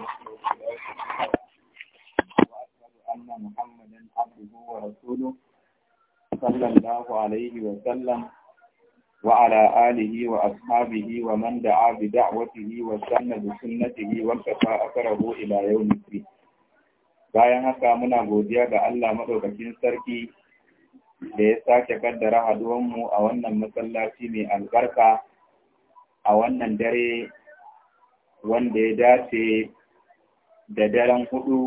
وأشهد أن محمدا عبده ورسوله صلى الله عليه وسلم وعلى آله وأصحابه ومن دعا بدعوته واستنى بسنته وانتفى أثره إلى يوم الدين bayan haka muna godiya ga Allah maɗaukakin sarki da ya sake kaddara mu a wannan masallaci mai albarka a wannan dare wanda ya dace da daren hudu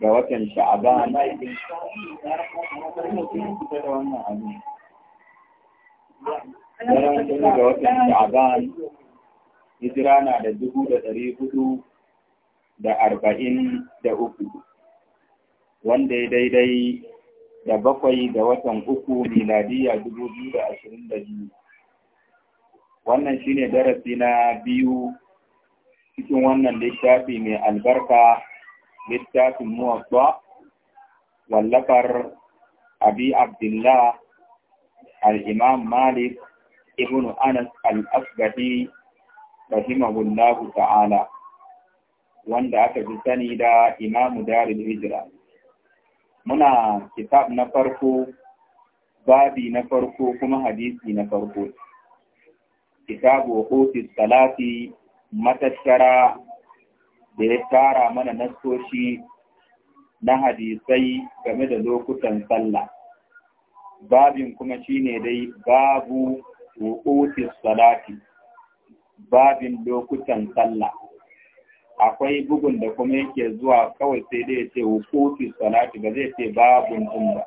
ga watan sha'aba na daren hudu ga watan sha'aba hijira na da dubu da ɗari hudu da arba'in da uku wanda ya daidai da bakwai da watan uku miladiya dubu biyu da ashirin da biyu wannan shine darasi na biyu cikin wannan littafi mai albarka littafin muwatsa wallafar abi abdullah Al'imam malik ibn anas al-asbahi rahimahullahu ta'ala wanda aka fi sani da imamu Darin hijira muna kitab na farko babi na farko kuma hadisi na farko kitabu ofis salati matattara da ya tara mana nasoshi na hadisai game da lokutan sallah. Babin kuma shine dai babu wukutis salati, babin lokutan sallah. Akwai bugun da kuma yake zuwa kawai sai dai ce wukutis salati ba zai ce babun ɗin ba.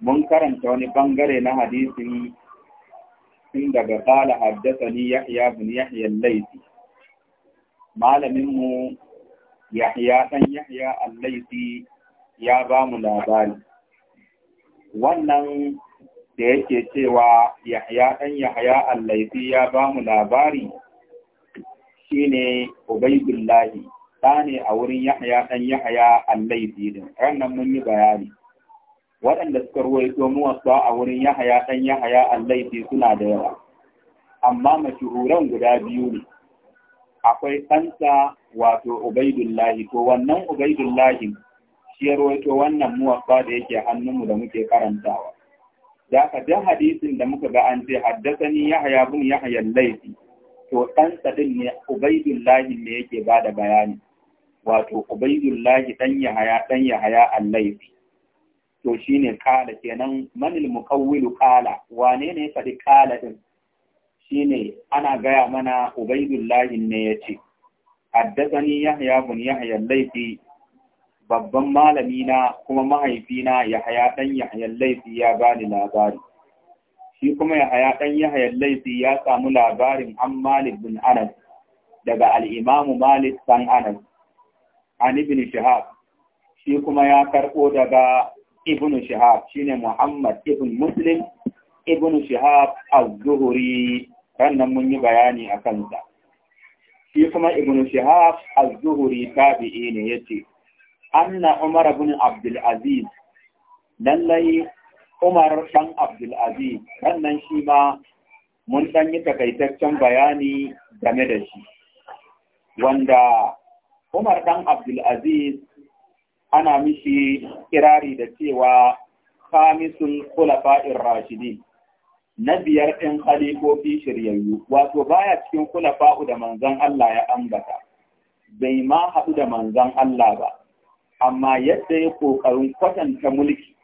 Mun karanta wani bangare na hadisin tun daga kala haddasani yahya bin yahya al-laisi malamin mu yahya ɗan yahya al ya ba mu labari wannan da yake cewa yahya ɗan yahya al ya ba mu labari shine ubaidullahi ne a wurin yahya ɗan yahya al-laisi din ranan mun yi bayani waɗanda suka ruwaito wasu a wurin yahaya ɗan yahaya laifi suna da yawa amma mashuhuran guda biyu ne akwai ɗansa wato ubaidullahi to wannan ubaidullahi shi ya ruwaito wannan muwasa da yake hannunmu da muke karantawa da aka jan hadisin da muka ga an ce haddasani haya bin laifi to ɗansa ɗin ne ubaidullahi ne yake ba da bayani wato ubaidullahi ɗan yahaya ɗan yahaya allaifi to ne kala kenan manil mukawwilu kala wane ne faɗi kala Shi ne, ana gaya mana ubaidullahi ne ya yace haddathani yahya bin yahya laifi babban malami na kuma mahaifina yahya dan yahya laifi ya bani labari shi kuma yahya dan yahya laifi ya samu labarin an malik bin anas daga al malik dan anas an ibn shihab shi kuma ya karɓo daga ibn Shihab shine Muhammad ibn Muslim ibn Shihab az-Zuhri rannan mun yi bayani a kansa shi kuma ibn Shihab az-Zuhri tabi'i ne yace anna Umar ibn Abdul Aziz lallai Umar dan Abdul Aziz rannan shi ma mun dan yi takaitaccen bayani game da shi wanda Umar dan Abdul Aziz ana mishi kirari da cewa khamisul khulafa'ir rashidi na biyar ɗin khalifofi shiryayyu wato baya cikin khulafa'u da manzon Allah ya ambata bai ma haɗu da manzon Allah ba amma yadda ya ƙoƙarin kwatanta mulki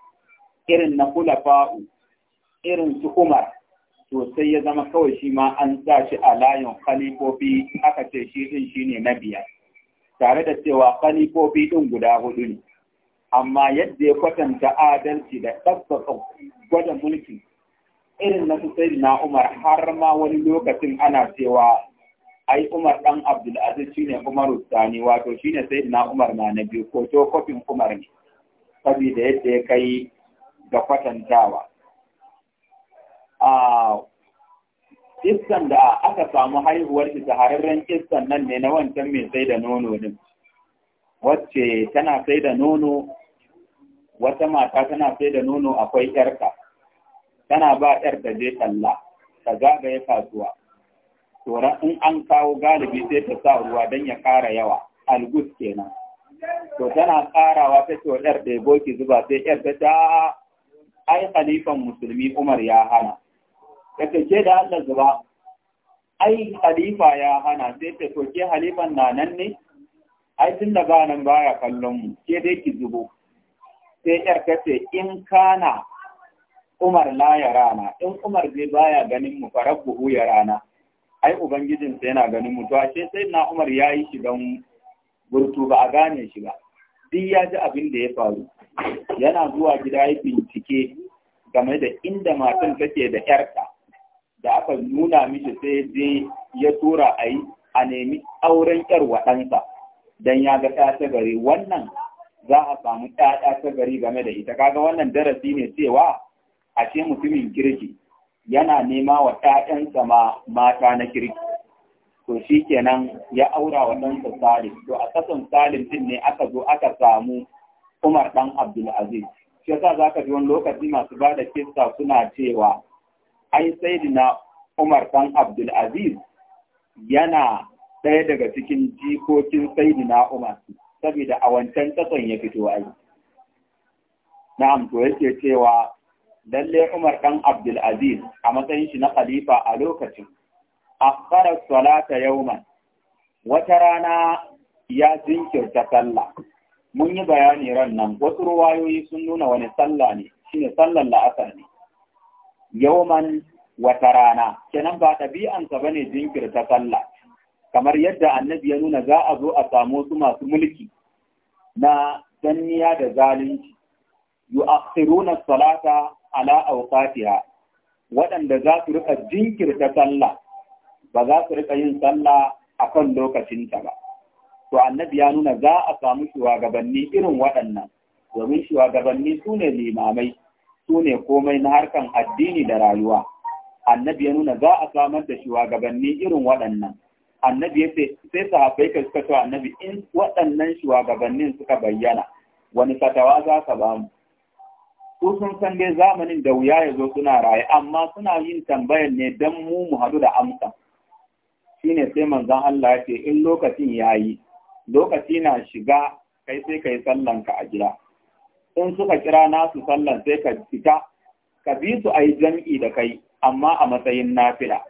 irin na khulafa'u irin su Umar to sai ya zama kawai shi ma an sa shi a layin khalifofi aka ce shi shi shine na biyar tare da cewa khalifofi ɗin guda hudu ne amma yadda ya kwatanta adalci da ɗabbaka gwada mulki irin na su sai na Umar har ma wani lokacin ana cewa ai Umar ɗan Abdulaziz shine Umar Ustani wato shine sai na Umar na na biyu ko to kofin Umar ne saboda yadda ya kai ga kwatantawa a iskan da aka samu haihuwar shi shahararren iskan nan ne na wancan mai sai da nono din wacce tana sai da nono wata mata tana sai da nono akwai yarka tana ba yar da je talla ta zagaye kasuwa tora in an kawo galibi sai ta sa ruwa don ya ƙara yawa algus kenan to tana karawa ta ce yar da boki zuba sai yar ta ta ai khalifan musulmi Umar ya hana ta ce da Allah zuba ai khalifa ya hana sai ta to ke halifan na nan ne ai tun da ba baya kallon mu ke dai ki zubo sai yar kace in kana Umar la ya rana in Umar zai baya ganin mu fa rabbuhu ya rana ai ubangijin sai yana ganin mu to ashe sai na Umar yayi shi dan burtu ba a gane shi ba duk ya ji abin da ya faru yana zuwa gida ya bincike game da inda matan take da 'yarka da aka nuna mishi sai dai ya tura a a nemi auren yar waɗansa dan ya ga ta gari wannan za a samu ta ta gari game da ita kaga wannan darasi ne cewa ashe mutumin kirki yana nema wa ɗaɗansa ma mata na kirki to shi kenan ya aura wa ɗansa salim to a kasan salim din ne aka zo aka samu umar ɗan abdulaziz shi yasa za ka ji wani lokaci masu ba da kista suna cewa ai sai na umar ɗan abdulaziz yana ɗaya daga cikin jikokin na Umar saboda a wancan tsatson ya fito yi. na'am to yake cewa lalle Umar ɗan abdulaziz a matsayin shi na khalifa a lokacin akhara salata yawman wata rana ya jinkirta sallah mun yi bayani ran nan wasu ruwayoyi sun nuna wani sallah ne shi ne sallar la'asar ne yawman wata rana kenan ba ɗabi'ansa ba ne jinkirta sallah kamar yadda annabi ya nuna za a zo a samu wasu masu mulki na danniya da zalunci yu'akhiruna salata ala awqatiha waɗanda za su rika jinkirta sallah ba za su rika yin sallah a akan lokacinta ba to annabi ya nuna za a samu shugabanni irin waɗannan domin shugabanni sune limamai sune komai na harkan addini da rayuwa annabi ya nuna za a samar da shugabanni irin waɗannan annabi yace sai sahabbai ka suka cewa annabi in waɗannan shugabannin suka bayyana wani fatawa za ka ba mu su sun san dai zamanin da wuya ya zo suna raye amma suna yin tambayar ne don mu mu haɗu da amsa shine sai manzan Allah ya ce in lokacin yayi lokaci na shiga kai sai kai sallan ka a gida in suka kira nasu sallan sai ka fita ka bi su ayi jam'i da kai amma a matsayin nafila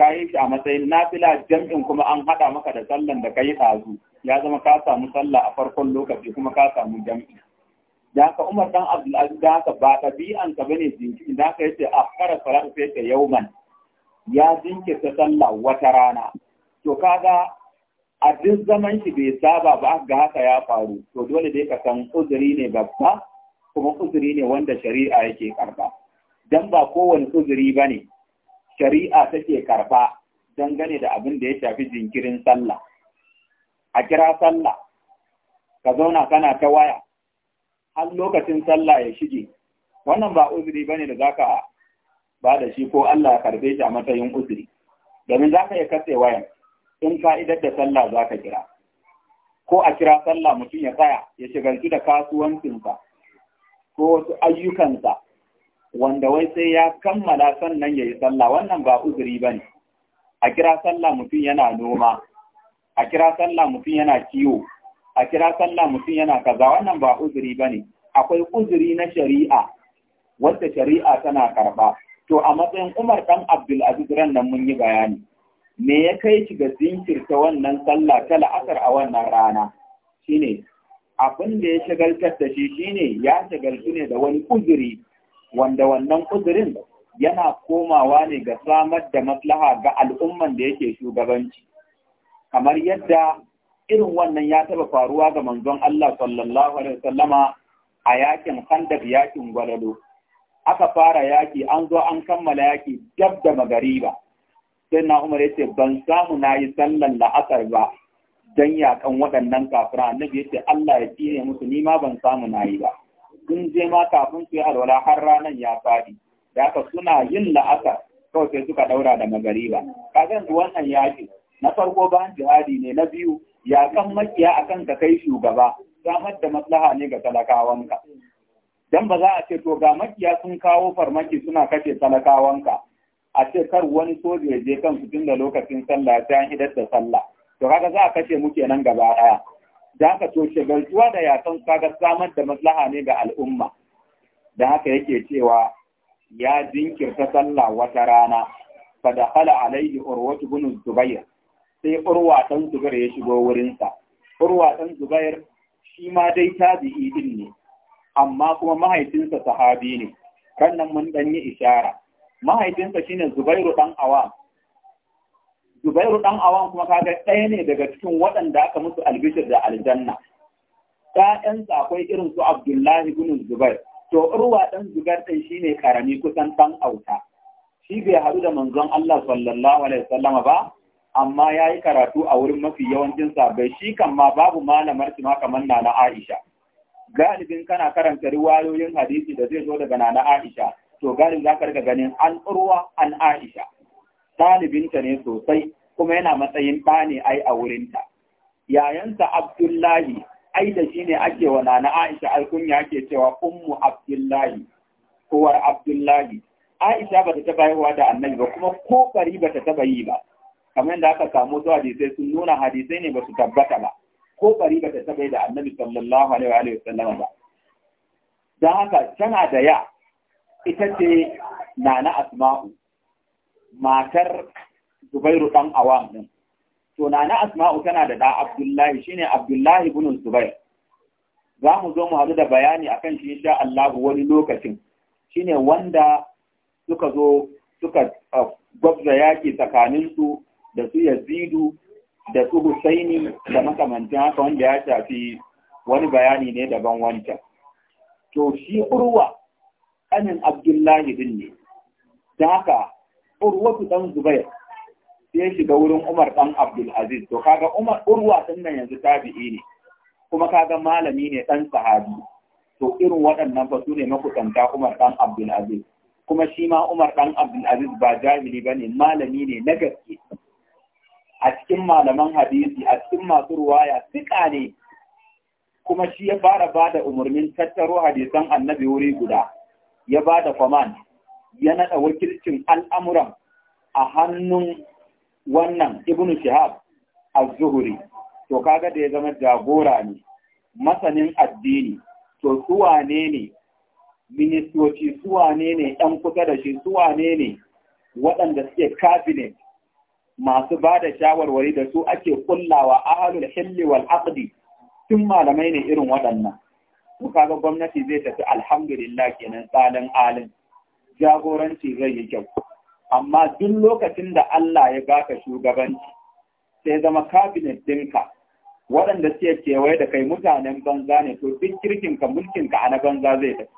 ka yi shi a matsayin nafila jam'in kuma an haɗa maka da sallan da ka yi ɗazu ya zama ka samu sallah a farkon lokaci kuma ka samu jam'i da haka Umar dan Abdulaziz da haka ba ɗabi'an ka bane jinkiri da haka yace a kara salatu sai yau yauman ya jinkirta sallah wata rana to kaga a duk zaman shi bai saba ba ga haka ya faru to dole dai ka san uzuri ne babba kuma uzuri ne wanda shari'a yake karba dan ba kowane uzuri bane shari'a take karfa dangane da abin da ya shafi jinkirin sallah a kira sallah ka zauna kana ta waya har lokacin sallah ya shige wannan ba uzuri ne da zaka ba da shi ko Allah ya karbe shi a matsayin uzuri domin zaka iya katse wayan in ka'idar da sallah zaka kira ko a kira sallah mutum ya tsaya ya shigarci da kasuwancinsa ko wasu ayyukansa wanda wai sai ya kammala sannan ya yi sallah wannan ba uzuri ba ne a kira sallah mutum yana noma a kira sallah mutum yana kiwo a kira sallah mutum yana kaza wannan ba uzuri ba ne akwai uzuri na shari'a wadda shari'a tana karɓa. to a matsayin umar ɗan abdulaziz ran nan mun yi bayani me ya kai shi ga zinkirta wannan sallah ta la'asar a wannan rana shine abin da ya shagaltar da shi shine ya shagaltu ne da wani uzuri wanda wannan uzurin yana komawa ne ga samar da maslaha ga al'umman da yake shugabanci kamar yadda irin wannan ya taba faruwa ga manzon Allah sallallahu alaihi wasallama a yakin handar yakin Gwalalo aka fara yaki an zo an kammala yaki dab da ba sai na Umar yace ban samu na yi sallan la'asar ba dan yakan waɗannan kafira annabi yace Allah ya tsire musu ni ma ban samu na yi ba sun je ma kafin su yi alwala har ranar ya faɗi. da haka suna yin la'asar kawai sai suka ɗaura da magariba kaga su wannan yaƙi na farko bayan jihadi ne na biyu kan makiya a kan ka kai shugaba samar da maslaha ne ga talakawanka dan ba za a ce to ga makiya sun kawo farmaki suna kashe talakawanka a ce kar wani soja ya je kan su tun da lokacin sallah ta idar da sallah to kaga za a kashe mu kenan gaba ɗaya. da ka toshe gantuwa da yakan kaga samar da maslaha ne ga al'umma da haka yake cewa ya jinkirta sallah wata rana fa hala alaihi urwatu bin zubayr sai urwa dan zubair ya shigo wurinsa urwa dan zubair shi ma dai tabi'i din ne amma kuma mahaifinsa sahabi ne kan nan mun dan yi ishara mahaifinsa shine zubairu ɗan awam Zubairu ɗan awan kuma kaga ɗaya ne daga cikin waɗanda aka musu albishir da aljanna. ‘Ya'yansa akwai irin su Abdullahi bin Zubair, to Urwa ɗan Zubair ɗin shi ne ƙarami kusan ɗan auta. Shi bai haɗu da manzon Allah sallallahu alaihi Sallama ba, amma ya yi karatu a wurin mafi yawancin sabai shi kan ma babu malamar shi ma kamar Nana Aisha. Galibin kana karanta riwayoyin hadisi da zai zo daga Nana Aisha, to galibin za ka riga ganin an Urwa an Aisha. ɗalibinta ne sosai kuma yana matsayin ɗa ne ai a wurinta. Yayansa Abdullahi ai da shi ne ake wa nana Aisha alkunya ake cewa ummu Abdullahi, kowar Abdullahi. Aisha ba ta yi haihuwa da annabi ba kuma ko bari ba ta taɓa yi ba. Kamar yadda aka samu su hadisai sun nuna hadisai ne ba su tabbata ba. Ko bari ba ta taɓa yi da annabi sallallahu alaihi wa sallam ba. Don haka tana da ya ita ce na na Asma'u matar Zubairu ɗan awam ɗin. To na na Asma'u tana da ɗa Abdullahi shine Abdullahi ibn Zubair. Za mu zo mu haɗu da bayani akan shi insha Allah wani lokacin. Shine wanda suka zo suka gwabza yaki tsakanin su da su Yazidu da su Husaini da makamantan haka wanda ya shafi wani bayani ne daban wancan. To shi Urwa ƙanin Abdullahi din ne. Da haka urwa dan zubair sai shiga wurin umar dan abdul aziz to kaga umar urwa nan yanzu tabi'i ne kuma kaga malami ne dan sahabi to irin waɗannan fa su ne makusanta umar dan abdul aziz kuma shi ma umar dan abdul aziz ba jahili bane malami ne na gaske a cikin malaman hadisi a cikin masu ruwaya sika ne kuma shi ya fara ba da umarnin tattaro hadisan annabi wuri guda ya ba da command ya naɗa wakilcin al'amuran a hannun wannan ibn shihab az-zuhri to kaga da ya zama jagora ne masanin addini to suwa ne ministoci suwa ne ɗan kusa da shi suwa ne waɗanda suke cabinet masu ba da shawarwari da su ake kullawa ahalul hilli wal aqdi tun malamai ne irin waɗannan to kaga gwamnati zai tafi alhamdulillah kenan tsalin alin jagoranci zai yi kyau amma duk lokacin da Allah ya baka shugabanci sai zama Kabinet dinka waɗanda suke kewaye da kai mutanen banza ne to duk kirkinka mulkinka a na banza zai tafi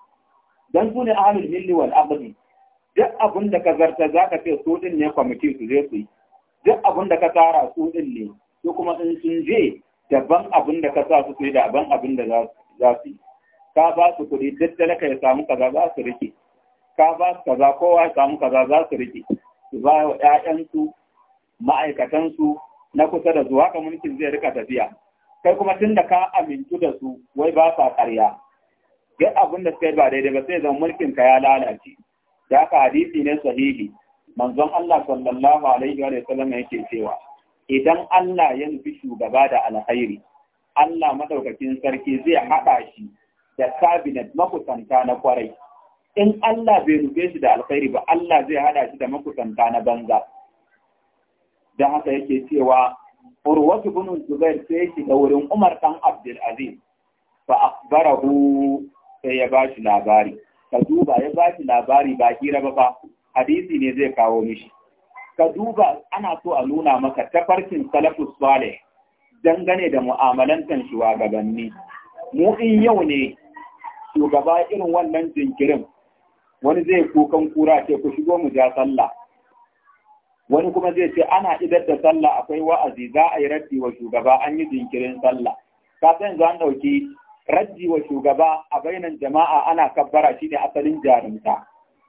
don su ne ahlul milli wal aqdi duk abin da ka zarta za ka ce su ɗin ne kwamiti su je su yi duk abin da ka tara su ɗin ne su kuma in sun je daban abin da ka sa su su yi daban abin da za su yi ka ba su kuɗi duk da ya samu kaza za su rike ka ba su kaza kowa ya samu kaza za su rike su ba wa 'ya'yansu, ma'aikatansu na kusa da zuwa haka mulkin zai rika tafiya kai kuma tun da ka amintu da su wai ba sa ƙarya duk abin da suka yi ba daidai ba sai zan mulkin ka ya lalace da aka hadisi ne sahihi manzon Allah sallallahu alaihi wa sallam yake cewa idan Allah ya nufi shugaba da alkhairi Allah madaukakin sarki zai haɗa shi da kabinet makusanta na kwarai in Allah bai rufe shi da alkhairi ba Allah zai hada shi da makusanta na banza da haka yake cewa Urwatu bin Zubair sai yake da wurin Umar dan Abdul Aziz fa akbarahu sai ya bashi labari ka duba ya bashi labari ba hira ba fa hadisi ne zai kawo mishi ka duba ana so a nuna maka tafarkin salafus salih dangane da mu'amalantan shugabanni mu in yau ne shugaba irin wannan jinkirin wani zai kukan kura ce ku shigo mu ja sallah wani kuma zai ce ana idar da sallah akwai wa'azi za a yi raddi wa shugaba an yi jinkirin sallah ka san yanzu ɗauki raddi wa shugaba a bainan jama'a ana kabbara shine asalin jarumta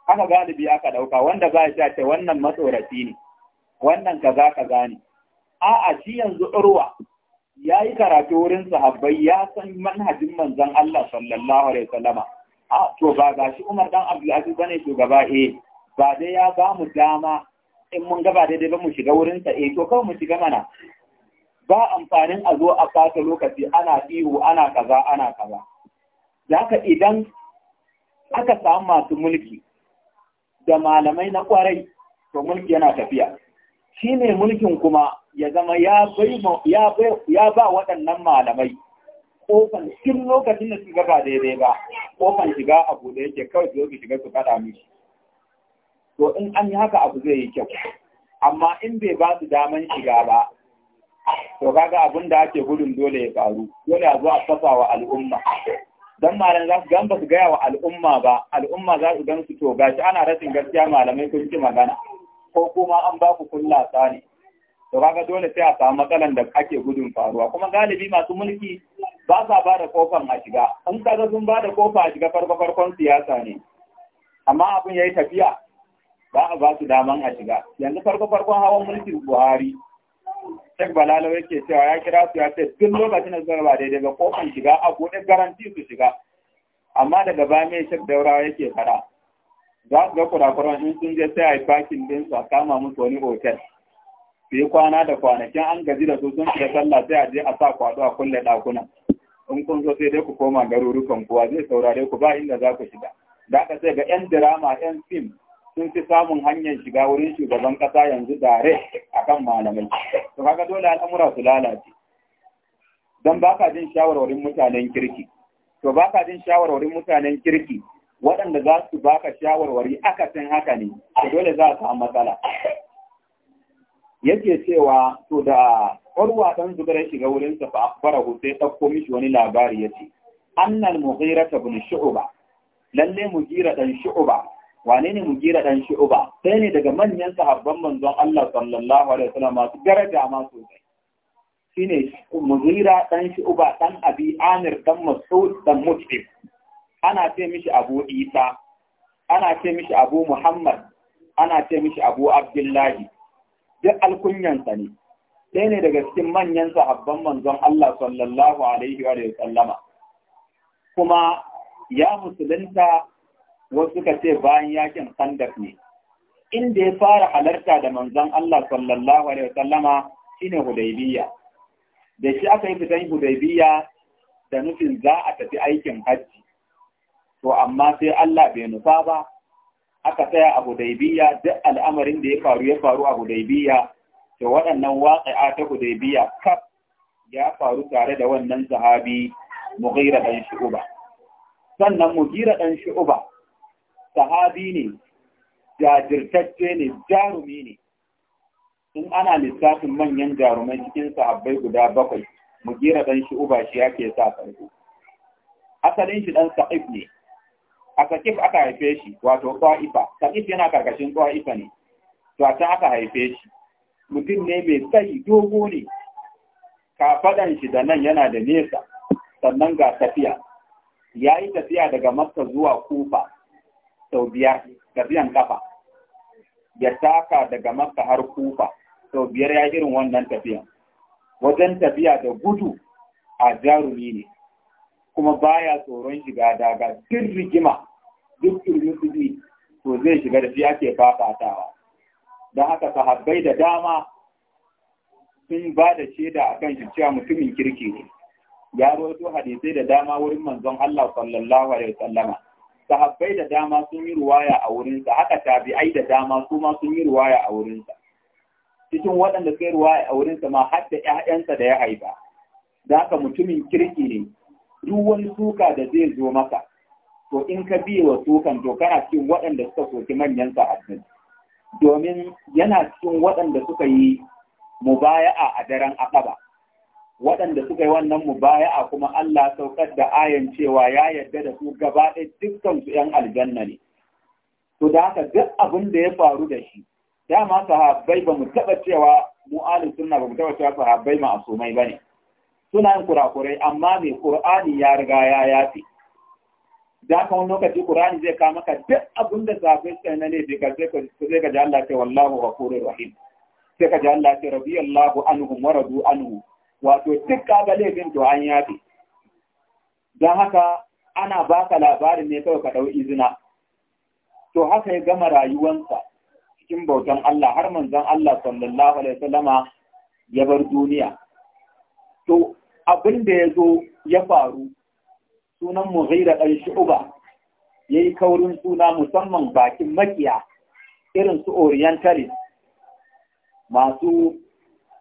haka galibi aka ɗauka wanda za ya ce wannan matsoraci ne wannan kaza kaza ne a'a shi yanzu urwa ya yi karatu wurin sahabbai ya san manhajin manzon Allah sallallahu alaihi wasallama a to ba ga shi Umar dan Abdulaziz bane shugaba eh ba dai ya ba mu dama in mun gaba daidai ba mu shiga wurin sa eh to kawai mu shiga mana ba amfanin a zo a fata lokaci ana ihu ana kaza ana kaza da haka idan aka samu masu mulki da malamai na kwarai to mulki yana tafiya shi ne mulkin kuma ya zama ya ba waɗannan malamai kofan cikin lokacin da suka ba daidai ba kofan shiga a da yake kawai su ki shiga su fada mishi to in an yi haka abu zai yi kyau amma in bai ba su daman shiga ba to kaga abin da ake gudun dole ya faru dole a zo a fasa wa al'umma dan malam za su gan ba su gaya wa al'umma ba al'umma za su gan su to gashi ana rashin gaskiya malamai kun ci magana ko kuma an ba ku kullasa ne to kaga dole sai a samu matsalan da ake gudun faruwa kuma galibi masu mulki ba sa ba da kofan a shiga in kaga sun ba da kofa a shiga farko farkon siyasa ne amma abin yayi tafiya ba a ba su daman a shiga yanzu farko farkon hawan mulkin Buhari sai Balalo yake cewa ya kira su ya ce duk lokacin da suka ba daidai ga kofan shiga a buɗe garanti su shiga amma daga baya mai Sheikh Daurawa yake fara za su ga kurakuran in sun je sai a yi bakin din su a kama musu wani hotel su yi kwana da kwanakin an gaji da su sun fiye sallah sai a je a sa kwado a kulle ɗakuna in kun zo sai dai ku koma garurukan kuwa, zai saurare ku ba inda za ku shiga da aka sai ga 'yan dirama 'yan fim sun fi samun hanyar shiga wurin shugaban ƙasa yanzu dare akan malamai to kaga dole al'amura su lalace don ba ka jin shawarwarin mutanen kirki to ba ka jin shawarwarin mutanen kirki waɗanda za su baka shawarwari akasin haka ne to dole za su samu matsala yake cewa to da ƙwarwa ɗan zubar ya shiga wurinsa fa akbarahu sai ɗauko mishi wani labari ya ce annal mughira ta bin shu'uba lalle gira ɗan shu'uba wane ne gira ɗan shu'uba sai ne daga manyan sahabban manzon Allah sallallahu alaihi wasallam masu daraja ma ne shine mugira ɗan shu'uba ɗan abi amir ɗan mas'ud ɗan mut'ib ana ce mishi abu isa ana ce mishi abu muhammad ana ce mishi abu abdullahi duk alkunyansa ne ɗaya ne daga cikin manyan sahabban manzon Allah sallallahu alaihi wa sallama kuma ya musulunta wasu ka ce bayan yakin khandaq ne inda ya fara halarta da manzon Allah sallallahu alaihi wa sallama shine Hudaibiyya. da shi aka yi fitan Hudaibiyya da nufin za a tafi aikin hajji to amma sai Allah bai nufa ba aka tsaya a hudaibiya duk al'amarin da ya faru ya faru a hudaibiya to waɗannan waƙi'a ta hudaibiya kaf ya faru tare da wannan sahabi mughira dan shu'ba sannan mughira dan shu'ba sahabi ne jajirtacce ne jarumi ne in ana lissafin manyan jarumai cikin sahabbai guda bakwai mugira dan shi shi yake sa farko asalin shi dan sa'id ne a sakif aka haife shi wato ta'ifa sakif yana karkashin ta'ifa ne to a can aka haife shi mutum ne mai tsayi dogo ne kafaɗan shi da nan yana da nesa sannan ga tafiya ya yi tafiya daga makka zuwa kufa sau biyar tafiyan kafa ya taka daga makka har kufa sau biyar ya irin wannan tafiyan wajen tafiya da gudu a jarumi ne kuma baya tsoron shiga daga cikin rigima duk turmutsutsi to zai shiga da shi ake fafatawa don haka sahabbai da dama sun ba da shaida a kan shi cewa mutumin kirki ne ya roto hadisai da dama wurin manzon Allah sallallahu alaihi wasallama sahabbai da dama sun yi ruwaya a wurinsa haka tabi'ai da dama su ma sun yi ruwaya a wurinsa cikin waɗanda sai yi ruwaya a wurinsa ma har da ƴaƴansa da ya haifa da haka mutumin kirki ne duk wani suka da zai zo maka to in ka biye wa sukan to kana cikin waɗanda suka soki manyan sa'adun, domin yana cikin waɗanda suka yi mubaya'a a daren akaba waɗanda suka yi wannan mubaya'a kuma Allah saukar da ayan cewa ya yarda da su gaba ɗaya dukkan su ƴan aljanna ne to da haka duk abin da ya faru da shi dama sahabbai ba mu taɓa cewa mu ahlus sunna ba mu taɓa cewa sahabbai ma asumai bane suna yin kurakurai amma mai ƙur'ani ya riga ya yafi da ka wani lokaci ƙur'ani zai kama ka duk abin da safe sai na laifi ka sai ka ji Allah ce wallahu ghafurur rahim sai ka ji Allah ce rabi anhum wa radu anhu wato duk ga laifin to an yafi don haka ana ba ka labarin ne kawai ka ɗau izina to haka ya gama rayuwansa cikin bautan Allah har manzon Allah sallallahu alaihi wasallama ya bar duniya to abin da ya zo ya faru sunan Muhira ɗan shi'uba ya yi kaurin suna musamman bakin makiya irin su Orientalis, masu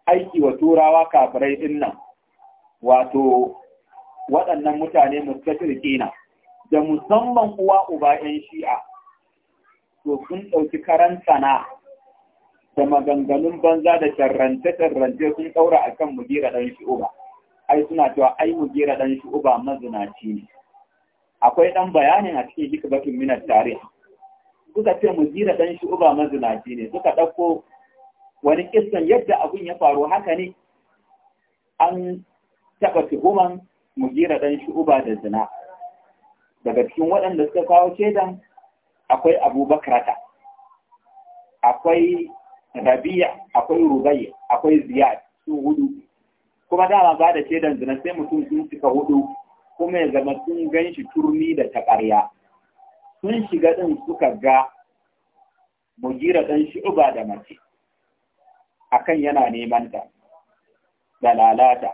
aiki wa turawa kafirai ɗin nan wato waɗannan mutane na da musamman uwa uba 'yan shi'a to sun ɗauki karanta na da maganganun banza da carrance-carrance sun ɗaura akan mugira ɗan shi'uba. ai suna cewa ai mu gera dan uba mazinaci ne akwai dan bayanin a cikin hikbatun minat tarih suka ce mu gera dan uba mazinaci ne suka dauko wani kissan yadda abun ya faru haka ne an taba tuhuman mu gera dan uba da zina daga cikin waɗanda suka kawo shaidan akwai abubakarata akwai rabiya akwai rubai akwai ziyad su hudu kuma dama ba da shaidan zina sai mutum sun cika hudu kuma ya zama sun gan shi turmi da takarya. sun shiga ɗin suka ga mugira ɗan uba da mace akan yana neman ta da lalata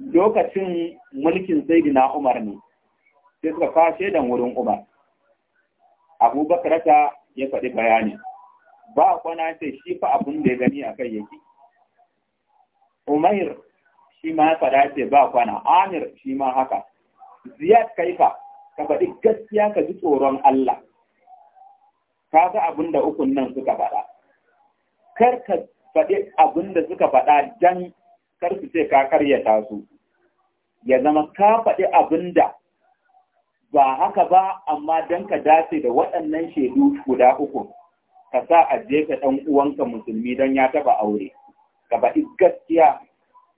lokacin mulkin saidina umar ne sai suka kashe dan wurin umar abubakar ta ya faɗi bayani ba kwana ce shi fa abin da ya gani a kai yake umair shi ma ya faɗa ce ba kwana amir shi ma haka ziyad kaifa ka faɗi gaskiya ka ji tsoron Allah ka ga abin da ukun nan suka faɗa kar ka faɗi abin da suka faɗa dan kar su ce ka karyata su ya zama ka faɗi abin da ba haka ba amma don ka dace da waɗannan shaidu guda uku ka sa a jefa ɗan uwanka musulmi don ya taɓa aure ka faɗi gaskiya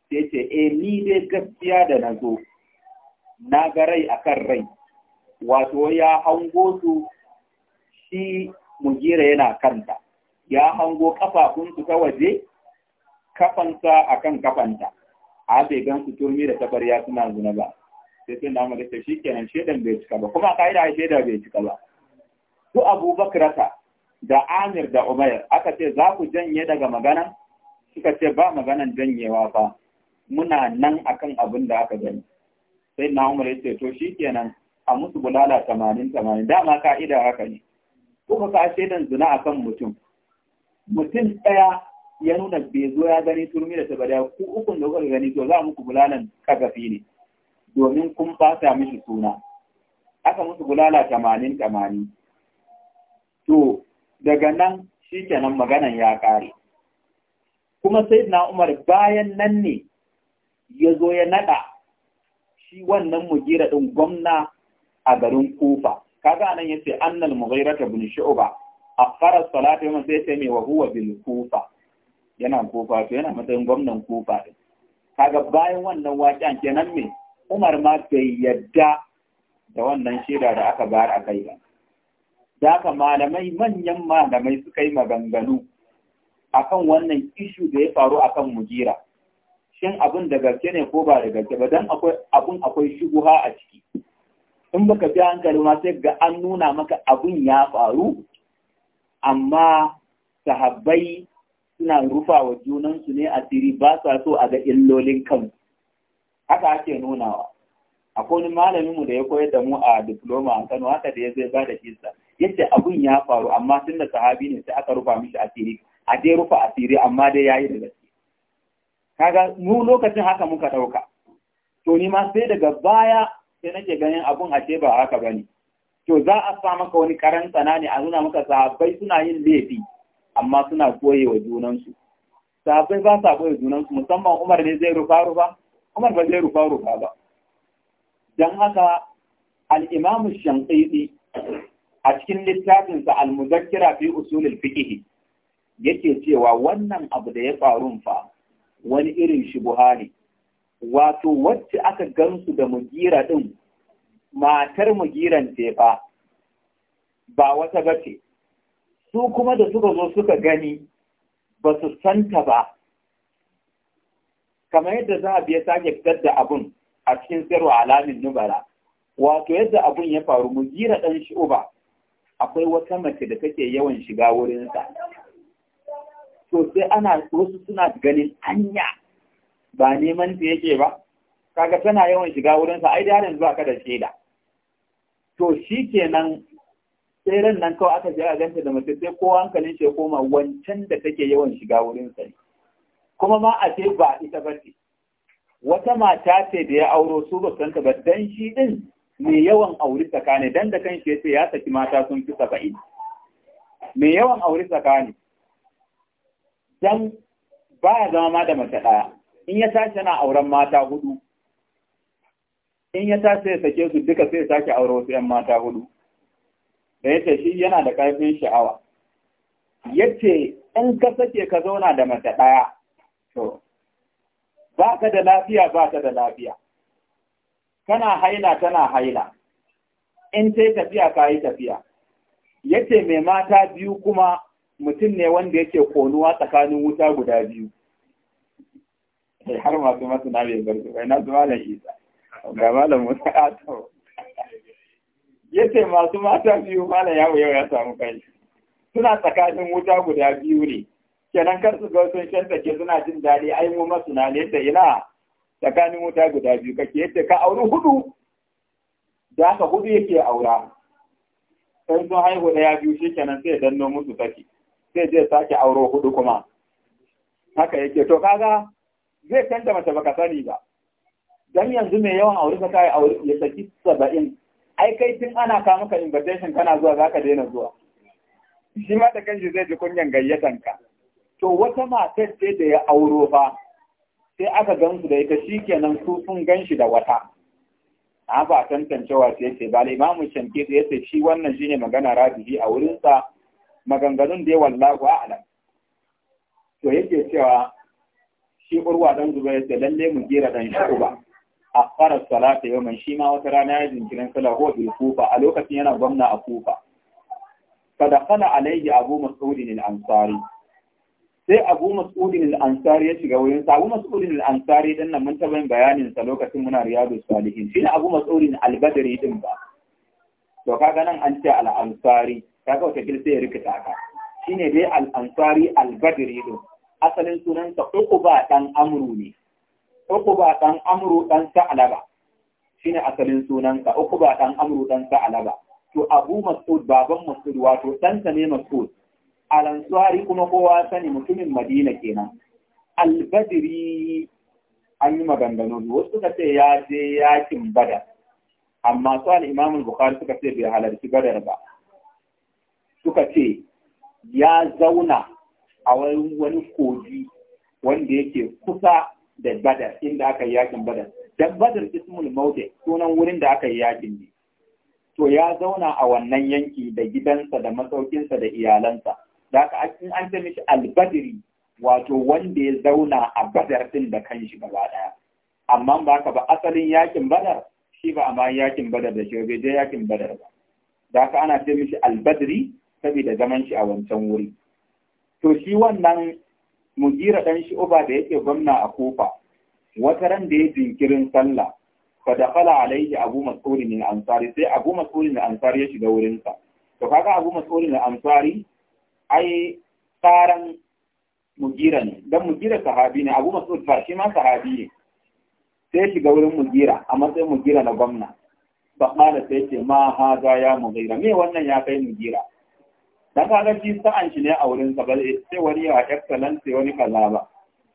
sai ce e ni dai gaskiya da na zo na ga rai akan rai wato ya hango su shi mugira yana kanta ya hango kafafunsu ta waje kafansa akan kafanta a bai gan su turmi da tabarya suna zina ba sai sun damu da shi kenan shaidan bai cika ba kuma ka'ida shaida bai cika ba su ta da amir da umar aka ce za ku janye daga magana suka ce ba maganan janyewa ba muna nan akan abin da aka gani sai na umar ya ce to shi kenan a musu bulala tamanin tamanin dama ka'ida haka ne kuka ka shaidan zina akan mutum mutum ɗaya ya nuna bai zo ya gani turmi da tabariya ku ukun da kuka gani to za muku bulalan kagafi ne domin kun fasa mishi suna aka musu bulala tamanin tamanin to daga nan shi kenan maganan ya ƙare kuma sai na umar bayan nan ne ya zo ya naɗa shi wannan mugira ɗin gwamna a garin kufa kaga nan yace annal mughira ta bin shu'ba akhara salati yawm sai sai wa huwa bil kufa yana kufa to yana matsayin gwamnan kufa din kaga bayan wannan waƙen kenan me Umar ma bai yadda da wannan shaida da aka bayar a kai ba da haka malamai manyan malamai suka yi maganganu akan wannan ishu da ya faru akan mujira shin abin da gaske ne ko ba da gaske ba don akwai abin akwai shubuha a ciki in baka fi hankali ma sai ga an nuna maka abin ya faru amma sahabbai suna rufa wa junansu ne a asiri ba sa so a ga illolin kan. haka ake nunawa akwai wani malamin mu da ya koyar da mu a diploma a Kano haka da ya zai ba da kisa yadda abun ya faru amma tun sahabi ne sai aka rufa mishi asiri a dai rufa asiri amma dai yayi da gaske kaga mu lokacin haka muka ɗauka to ni ma sai daga baya sai nake ganin abun ashe ba haka bane to za a sa maka wani karan tsana ne a nuna maka sahabbai suna yin laifi amma suna koyewa wa junansu sahabbai ba sa koye junansu musamman Umar ne zai rufa rufa Umar ba zai rufa rufa ba dan haka al-Imam Shankidi a cikin littafinsa al-Muzakkira fi usulil fiqh yake cewa wannan abu da ya faru fa wani irin shi buhari wato wacce aka gansu da mugira ɗin, matar mugiran ce fa ba wata bace su kuma da suka zo suka gani ba su santa ba kamar yadda za a biya sake fitar da abun a cikin sirwa alamin nubara wato yadda abun ya faru mugira dan uba, akwai wata mace da take yawan shiga wurinsa to sai ana wasu suna ganin anya ba neman ta yake ba kaga tana yawan shiga wurinsa ai da yanzu ba da shaida to shi kenan sai ran nan kawai aka jira ganta da mace sai kowa hankalin shi ya koma wancan da take yawan shiga wurin sa kuma ma a ce ba ita ba ce wata mata ce da ya auro su ba ta ba dan shi din me yawan aure tsakani dan da kanshi yace ya saki mata sun fi saba'in me yawan aure tsakani dan ya zama ma da mace ɗaya in ya tashi yana auren mata hudu in ya tashi ya sake su duka sai ya sake aure wasu ‘yan mata hudu da yace shi yana da ƙarfin sha'awa yace in ka sake ka zauna da mace ɗaya to ba ka da lafiya ba ka da lafiya kana haila tana haila in ta tafiya ka yi tafiya yace mai mata biyu kuma mutum ne wanda yake konuwa tsakanin wuta guda biyu sai har masu masana mai garzu bai na zuwa da isa ga malam musa ato ya ce masu mata biyu malam yawo yau ya samu kai suna tsakanin wuta guda biyu ne kenan kar su ga sun shanta ke suna jin daɗi ai mu na ne ta ina tsakanin wuta guda biyu kake yace ka auri hudu da haka hudu yake aura sai sun haihu ɗaya biyu shi kenan sai ya danno musu saki sai zai sake auro hudu kuma haka yake to kaga zai canza mace baka sani ba dan yanzu mai yawan auri ka kai aure ya saki saba'in, ai kai tun ana ka maka invitation kana zuwa za ka daina zuwa shi ma da kanshi zai ji kunyan gayyatan ka to wata matar ce da ya auro fa sai aka gansu da ita shikenan su sun ganshi da wata Na ba tantancewa sai ce ba imamu shanke ya ce shi wannan shine magana rabihi a wurinsa maganganun da ya wallahu a'lam to yake cewa shi urwa dan ya da lalle mu gera dan shi ba a fara salata yau man shi ma wata rana ya jinkirin sallah ko bil kufa a lokacin yana gwamna a kufa fadakhala alayhi abu mas'ud al-ansari sai abu mas'udin al-ansari ya shiga wurin sa abu mas'udin al-ansari dan nan mun taba bayanin sa lokacin muna riyadu salihin shi abu mas'udin al-badri din ba to kaga nan an ce al-ansari kaga wata gil sai ya rikita haka shine dai al-ansari al-badri din asalin sunansa uquba dan amru ne uquba dan amru dan sa'alaba shine asalin sunansa uquba dan amru dan alaba. to abu mas'ud baban mas'ud wato ɗansa ne mas'ud al-ansari kuma kowa sani mutumin madina kenan al-badri an yi maganganu wasu suka ce ya je yakin badar amma su al-imam bukhari suka ce bai halarci badar ba suka ce ya zauna a wani kogi wanda yake kusa da badar inda aka yi yakin badar dan badar ismul maute sunan wurin da aka yi yakin ne to ya zauna a wannan yanki da gidansa da masaukinsa da iyalansa da aka in an ce mishi albadiri wato wanda ya zauna a badar din da kanshi gaba daya amma ba ka ba asalin yakin badar shi ba amma yakin badar da shi bai je yakin badar ba da aka ana ce mishi albadiri saboda zaman shi a wancan wuri to shi wannan mujira ɗan shi uba da yake gwamna a kofa wata ran da ya jinkirin sallah fa dakhala alaihi abu mas'ud min ansari sai abu mas'ud min ansari ya shiga wurinsa to kaga abu mas'ud min ansari ai tsaran mugira ne don mugira sahabi ne abu mas'ud ba shi ma sahabi ne sai shiga wurin mugira a matsayin mugira na gwamna ma da sai ce ma haza ya mugira me wannan ya kai mugira dan kaga shi sa'an shi ne a wurin sa bal sai wani ya excellence wani kaza ba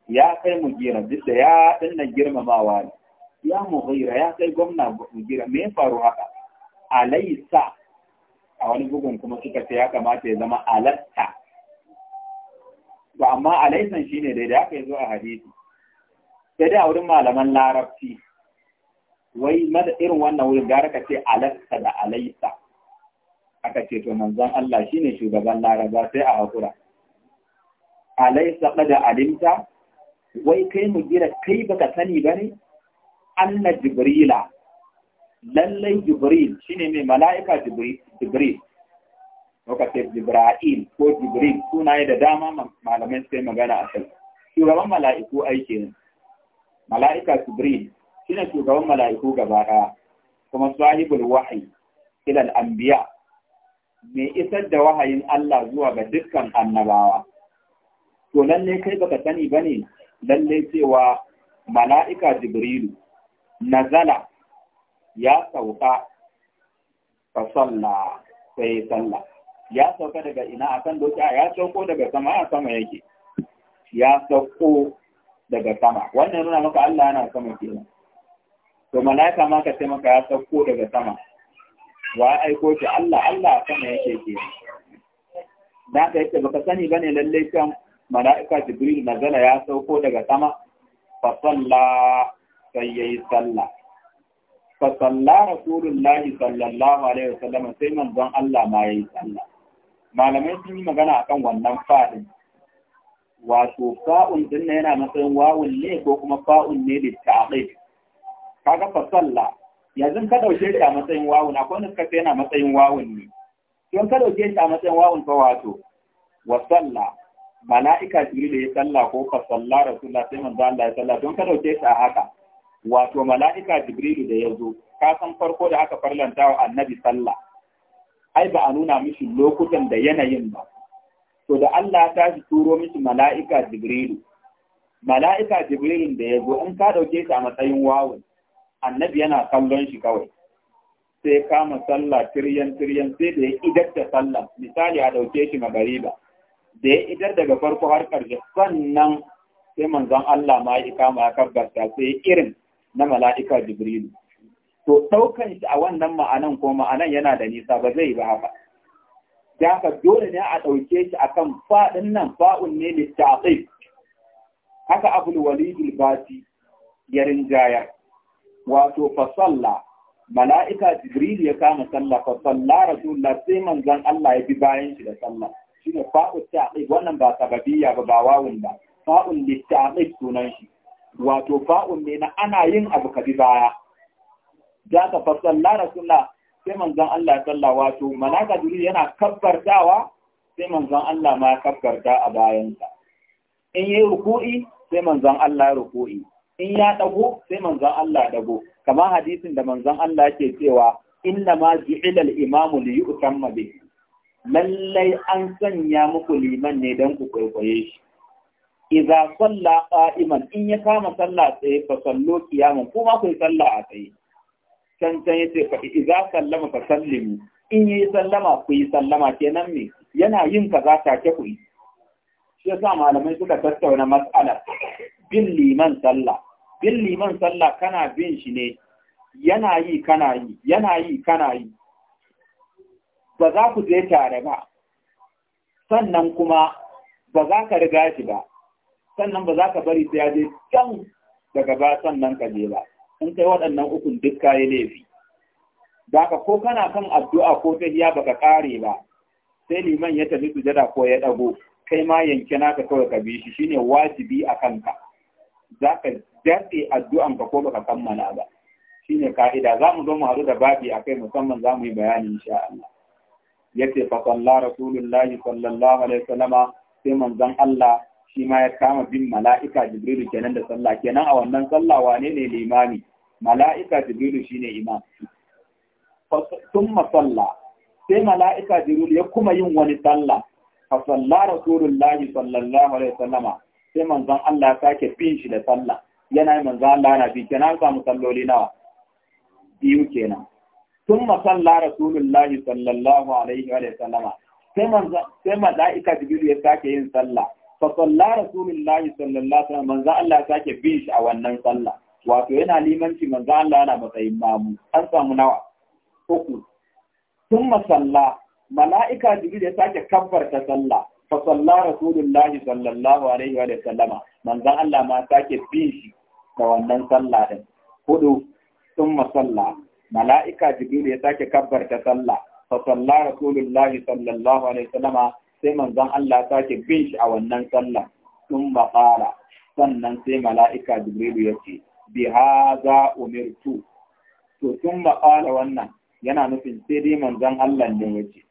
ya kai mu gira duk da ya dinna girmamawa ne ya mu gira ya kai gwamna mu gira me faru haka alaysa a wani bugun kuma suka ce ya kamata ya zama alatta ba amma alaisan shine daidai haka zo a hadisi sai dai a wurin malaman larabci wai mada irin wannan wurin gara ka ce Alatta da alaysa aka ce to manzon Allah shine shugaban laraba sai a hakura alaysa qad alimta wai kai mu gira kai baka sani ne? anna jibrila lallai jibril shine mai mala'ika jibril ce jibra'il ko jibril sunaye da dama malamai sai magana a kai shugaban mala'iku aiki ne mala'ika jibril shine shugaban mala'iku gaba ɗaya kuma sahibul wahayi ilal anbiya mai isar da wahayin Allah zuwa ga dukkan annabawa. To lalle kai baka sani ba ne lalle cewa mala'ika Jibrilu nazala ya sauka ka salla sai salla. Ya sauka daga ina akan doki ya sauko daga sama a sama yake. Ya sauko daga sama. Wannan nuna maka Allah yana sama kenan. To mala'ika ma ka maka ya sauko daga sama. wa aiko shi Allah Allah sama yake ke da ka yace baka sani bane lalle kan mala'ika jibril nazala ya sauko daga sama fa salla sai yayi fa salla rasulullahi sallallahu alaihi wasallam sai manzon Allah ma yayi sallah malamai sun yi magana akan wannan fadin wato fa'un din yana matsayin wawun ne ko kuma fa'un ne da ta'aqib kaga fa salla yanzu ka ɗauke shi a matsayin wawun akwai wanda suka yana matsayin wawun ne don ka ɗauke shi a matsayin wawun fa wato wa sallah mala'ika da ya sallah ko fa salla rasulullah sai manzo Allah ya sallah don ka ɗauke shi a haka wato mala'ika jibril da ya zo ka san farko da aka farlanta wa annabi sallah ai ba a nuna mishi lokutan da yanayin ba to da Allah ta shi turo mishi mala'ika jibrilu mala'ika jibrilu da ya zo in ka ɗauke shi a matsayin wawun annabi yana kallon shi kawai sai kama sallah tiryan tiryan sai da ya idar da sallah misali a dauke shi ba. da ya idar daga farko har karshe sannan sai manzon Allah ma ya kama ya kabbata sai irin na mala'ika Jibrilu to daukan shi a wannan ma'anan ko ma'anan yana da nisa ba zai ba haka da dole ne a dauke shi akan fadin nan fa'un ne litta'ib haka abul walid bati ya rinjayar wato fasalla mala'ika jibril ya kama sallah fasalla rasulullah sai manzan Allah ya bi bayan shi da sallah shine fa'u ta'qib wannan ba sababiyya ba ba wawun ba fa'un litta'qib sunan shi wato fa'un ne na ana yin abu ka bi baya da ka fasalla rasulullah sai manzan Allah ya sallah wato mala'ika jibril yana kabbardawa sai manzon Allah ma ya kabbarta a bayansa in yi ruku'i sai manzon Allah ya ruku'i in ya dago sai manzon Allah dago kamar hadisin da manzon Allah yake cewa inna ma ju'ila al-imamu li yu'tamma bi lallai an sanya muku liman ne dan ku kwaikwaye shi idza salla qa'iman in ya kama sallah tsaye fa sallu qiyaman kuma ku yi sallah a tsaye can can yace fa idza sallama fa sallimu in yi sallama ku yi sallama kenan ne yana yin kaza take ku yi shi yasa malamai suka tattauna mas'ala bin liman sallah bin liman sallah kana bin shi ne yana yi kana yi yana yi kana yi ba za ku je tare ba sannan kuma ba za ka riga shi ba sannan ba za ka bari sai ya je daga ba sannan ka je ba in kai waɗannan ukun duk kayi laifi da ka ko kana kan addu'a ko ba baka kare ba sai liman ya tafi sujada ko ya ɗago. kai ma yanke naka kawai ka bi shi shine wajibi a kanka za ka jarɗe addu'an ka ko baka kammala ba shine ka'ida za mu zo mu haɗu da babi akai musamman za mu yi bayani insha Allah yace fa sallallahu rasulullahi sallallahu alaihi wasallama sai manzon Allah shi ma ya kama bin mala'ika Jibrilu kenan da sallah kenan a wannan sallah wane ne limami mala'ika Jibrilu shine imam thumma sallah sai mala'ika Jibrilu ya kuma yin wani sallah fa salla rasulullahi sallallahu alaihi wasallama sai manzon Allah ya sake bin shi da sallah yana yin manzo Allah yana bi kenan samu salloli nawa biyu kenan tun masalla rasulullahi sallallahu alaihi wa sallama sai mala'ika jibril ya sake yin sallah fa salla rasulullahi sallallahu alaihi wa sallam manzo Allah ya sake bin shi a wannan sallah wato yana limanci manzo Allah yana matsayin mamu an samu nawa uku tun masalla mala'ika jibril ya sake kabbarta sallah fa salla rasulullahi sallallahu alaihi wa sallama manzo Allah ma sake bin shi da wannan sallah din hudu sun sallah, mala'ika jibril ya sake kabbarta sallah fa salla rasulullahi sallallahu alaihi wasallama sai manzon Allah sake bin shi a wannan sallah sun fara, sannan sai mala'ika jibril ya ce bi haza umirtu to sun fara wannan yana nufin sai dai manzon Allah ne ya ce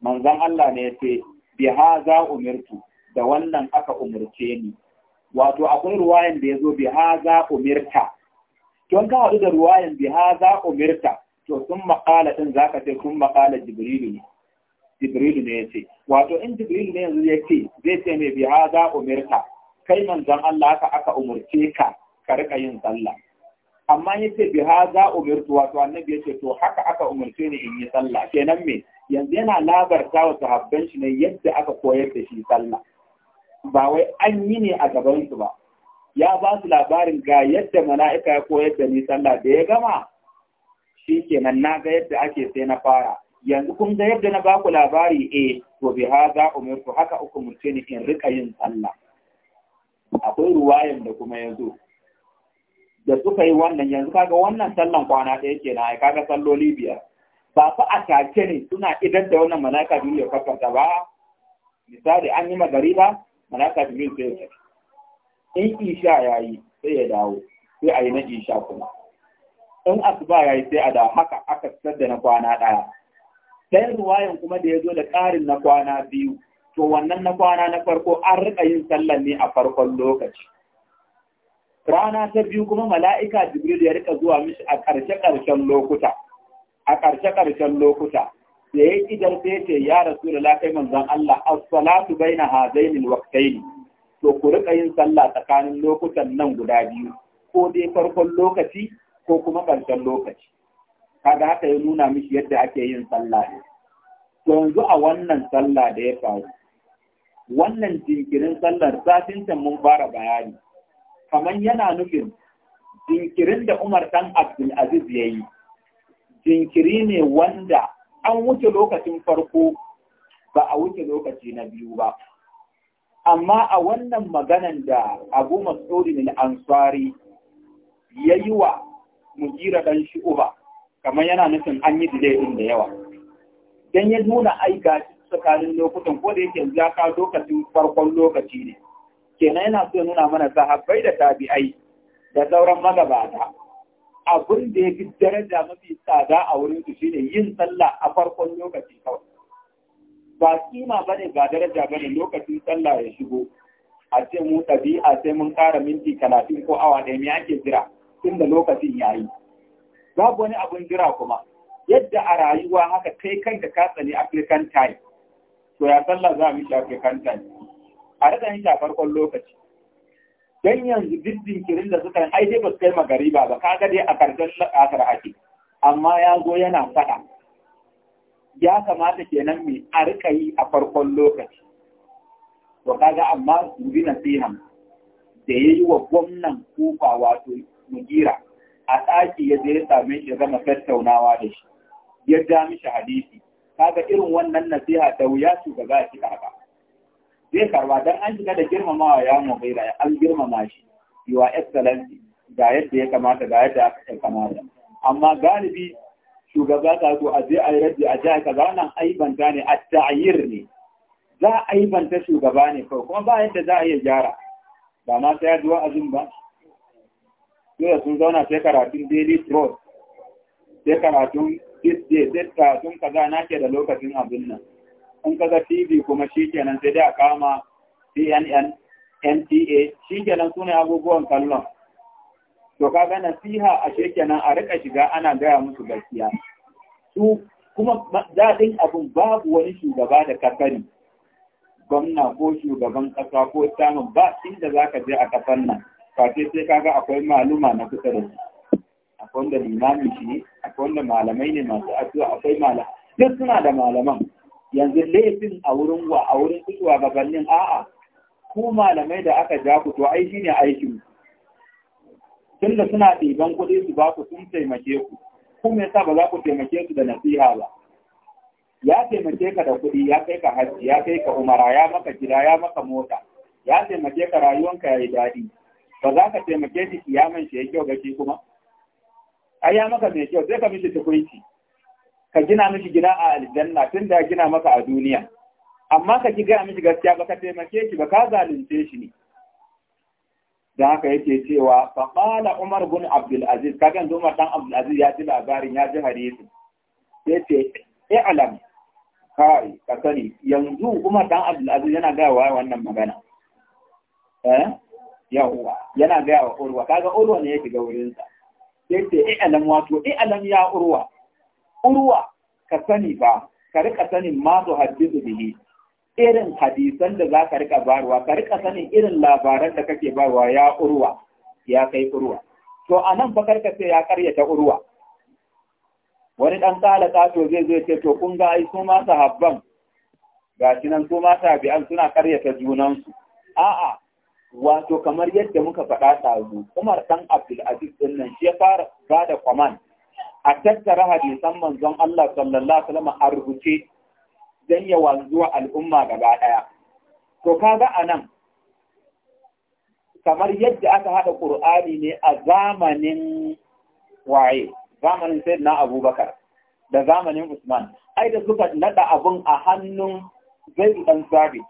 manzon Allah ne ya ce bi haza umirtu da wannan aka umarce ni wato akwai ruwayan da ya zo bi haza umirta don ka haɗu da ruwayan bi haza umirta to sun maƙala ɗin za ka ce sun maƙala jibrilu ne jibrilu ne ya ce wato in jibrilu ne yanzu ya ce zai ce mai bi haza umirta kai manzon Allah haka aka umurce ka ka riƙa yin sallah amma ya ce bi haza umirtu wato annabi ya ce to haka aka umurce ni in yi sallah kenan me yanzu yana labarta wa sahabban shi ne yadda aka koyar da shi sallah ba wai an yi ne a gabansu ba ya ba su labarin ga yadda mala'ika ya koyar da ni sallah da ya gama shi kenan na ga yadda ake sai na fara yanzu kun ga yadda na ba ku labari eh to bi mai umirtu haka uku mutune in rika yin sallah akwai ruwayan da kuma yazo da suka yi wannan yanzu kaga wannan sallan kwana ɗaya kenan aika kaga salloli biyar ba fa a take ne suna idan da wannan mala'ika biyu ya kwatanta ba misali an yi magariba Mana ka jibril sai ya in isha yi, sai ya dawo sai a yi na isha kuma in asuba ya yi sai a da haka aka fitar da na kwana ɗaya sai ruwayan kuma da ya zo da ƙarin na kwana biyu to wannan na kwana na farko an riƙa yin sallan ne a farkon lokaci rana ta biyu kuma mala'ika jibril ya rika zuwa mishi a ƙarshe-ƙarshen lokuta a ƙarshe-ƙarshen lokuta da ya ƙi darte ce ya rasu da lafai manzan Allah as-salatu bai na hazainin waqtaini to ku riƙa yin sallah tsakanin lokutan nan guda biyu ko dai farkon lokaci ko kuma ƙarshen lokaci kaga haka ya nuna mishi yadda ake yin sallah ne to yanzu a wannan sallah da ya faru wannan jinkirin sallar satin mun fara bayani kamar yana nufin jinkirin da Umar ɗan Abdulaziz ya yi, jinkiri ne wanda an wuce lokacin farko ba a wuce lokaci na biyu ba amma a wannan maganan da abu masudin al-ansari ya yi wa mujira shi uba" kamar yana nufin an yi delay ɗin da yawa Don ya nuna aika ga tsakanin lokutan ko da yake ya ka lokacin farkon lokaci ne kenan yana so nuna mana sahabbai da tabi'ai da sauran magabata abin da ya fi daraja mafi tsada a wurin su shine yin sallah a farkon lokaci kawai ba kima ba ne ba daraja ba ne lokacin sallah ya shigo a ce mu ɗabi'a sai mun ƙara minti talatin ko awa ɗaya me ake jira tun da lokacin ya yi babu wani abin jira kuma yadda a rayuwa haka kai kanka ka tsani african time to ya sallah za a shi african time a rika yin farkon lokaci dan yanzu duk dinkirin da suka yi ai dai ba su kai magariba ba kaga dai a karshen la'asar ake amma ya zo yana faɗa ya kamata kenan mai a rika yi a farkon lokaci to kaga amma na nasihan da ya yi wa gwamnan kufa wato mugira a ɗaki ya je ya same shi zama tattaunawa da shi ya ja mishi hadisi kaga irin wannan nasiha da wuya shugaba a cika ba zai karba don an shiga da girmamawa ya ya an girmama shi yiwa excellence ga yadda ya kamata ga yadda aka kamata amma galibi shugaba ta zo a je a yi a jihar kaza nan aibanta ne a ta'ayir ne za a aibanta shugaba ne kawai kuma ba yadda za a iya gyara ba ma sai yaji wa'azin ba dole sun zauna sai karatun daily trust sai karatun sai karatun kaza na ke da lokacin abin nan in kaga TV kuma kenan sai dai a kama CNN NTA su sune abubuwan kallon to ka gana siha a shekenan a rika shiga ana gaya musu gaskiya su kuma daɗin abin babu wani shugaba da kakari. gwamna ko shugaban ƙasa ko samun ba inda za ka je a ƙasar nan Kwace sai kaga akwai maluma na kusa da su akwai wanda limami shi ne akwai wanda malamai ne masu asuwa? akwai malamai duk suna da malaman yanzu laifin a wurin wa a wurin kusuwa gabanin a'a ku malamai da aka ja ku to ai shine aikin tun da suna ɗiban kuɗi su ba ku sun taimake ku ku me yasa ba za ku taimake su da nasiha ba ya taimake ka da kuɗi ya kai ka hajji ya kai ka umara ya maka gida ya maka mota ya taimake ka rayuwanka ya yi daɗi ba za ka taimake shi kiyaman shi ya kyau ga shi kuma ai ya maka mai kyau sai ka mishi tukunci ka gina mishi gida a aljanna tun da gina maka a duniya amma ka ki gaya mishi gaskiya ba ka taimake shi ba ka zalunce shi ne da haka yake cewa fa qala umar bin abdul aziz ka yanzu umar dan abdul aziz ya ji labarin ya ji hadisi e alam kai ka sani yanzu umar dan abdul aziz yana gaya wa wannan magana eh yawa yana gaya wa urwa kaga urwa ne ya shiga wurin sa e alam wato e alam ya urwa urwa ka sani ba ka rika sanin masu su hadisu bihi irin hadisan da za ka rika barwa ka rika sanin irin labaran da kake barwa ya urwa ya kai urwa to a nan fakar ka ce ya karyata urwa wani ɗan tsala kato zai zai ce to kun ga ai su ma sahabban shi nan su ma tabi'an suna karyata junansu a'a wato kamar yadda muka faɗa ɗazu Umar ɗan Abdul Aziz ɗin nan shi ya fara bada da kwaman a tattara hadisan manzon Allah sallallahu alaihi wasallam a rubuce dan ya wanzuwa al'umma gaba daya to kaga anan kamar yadda aka hada Qur'ani ne a zamanin waye zamanin Sayyidina Abubakar da zamanin Usman ai da suka nada abun a hannun Zaid dan Sabit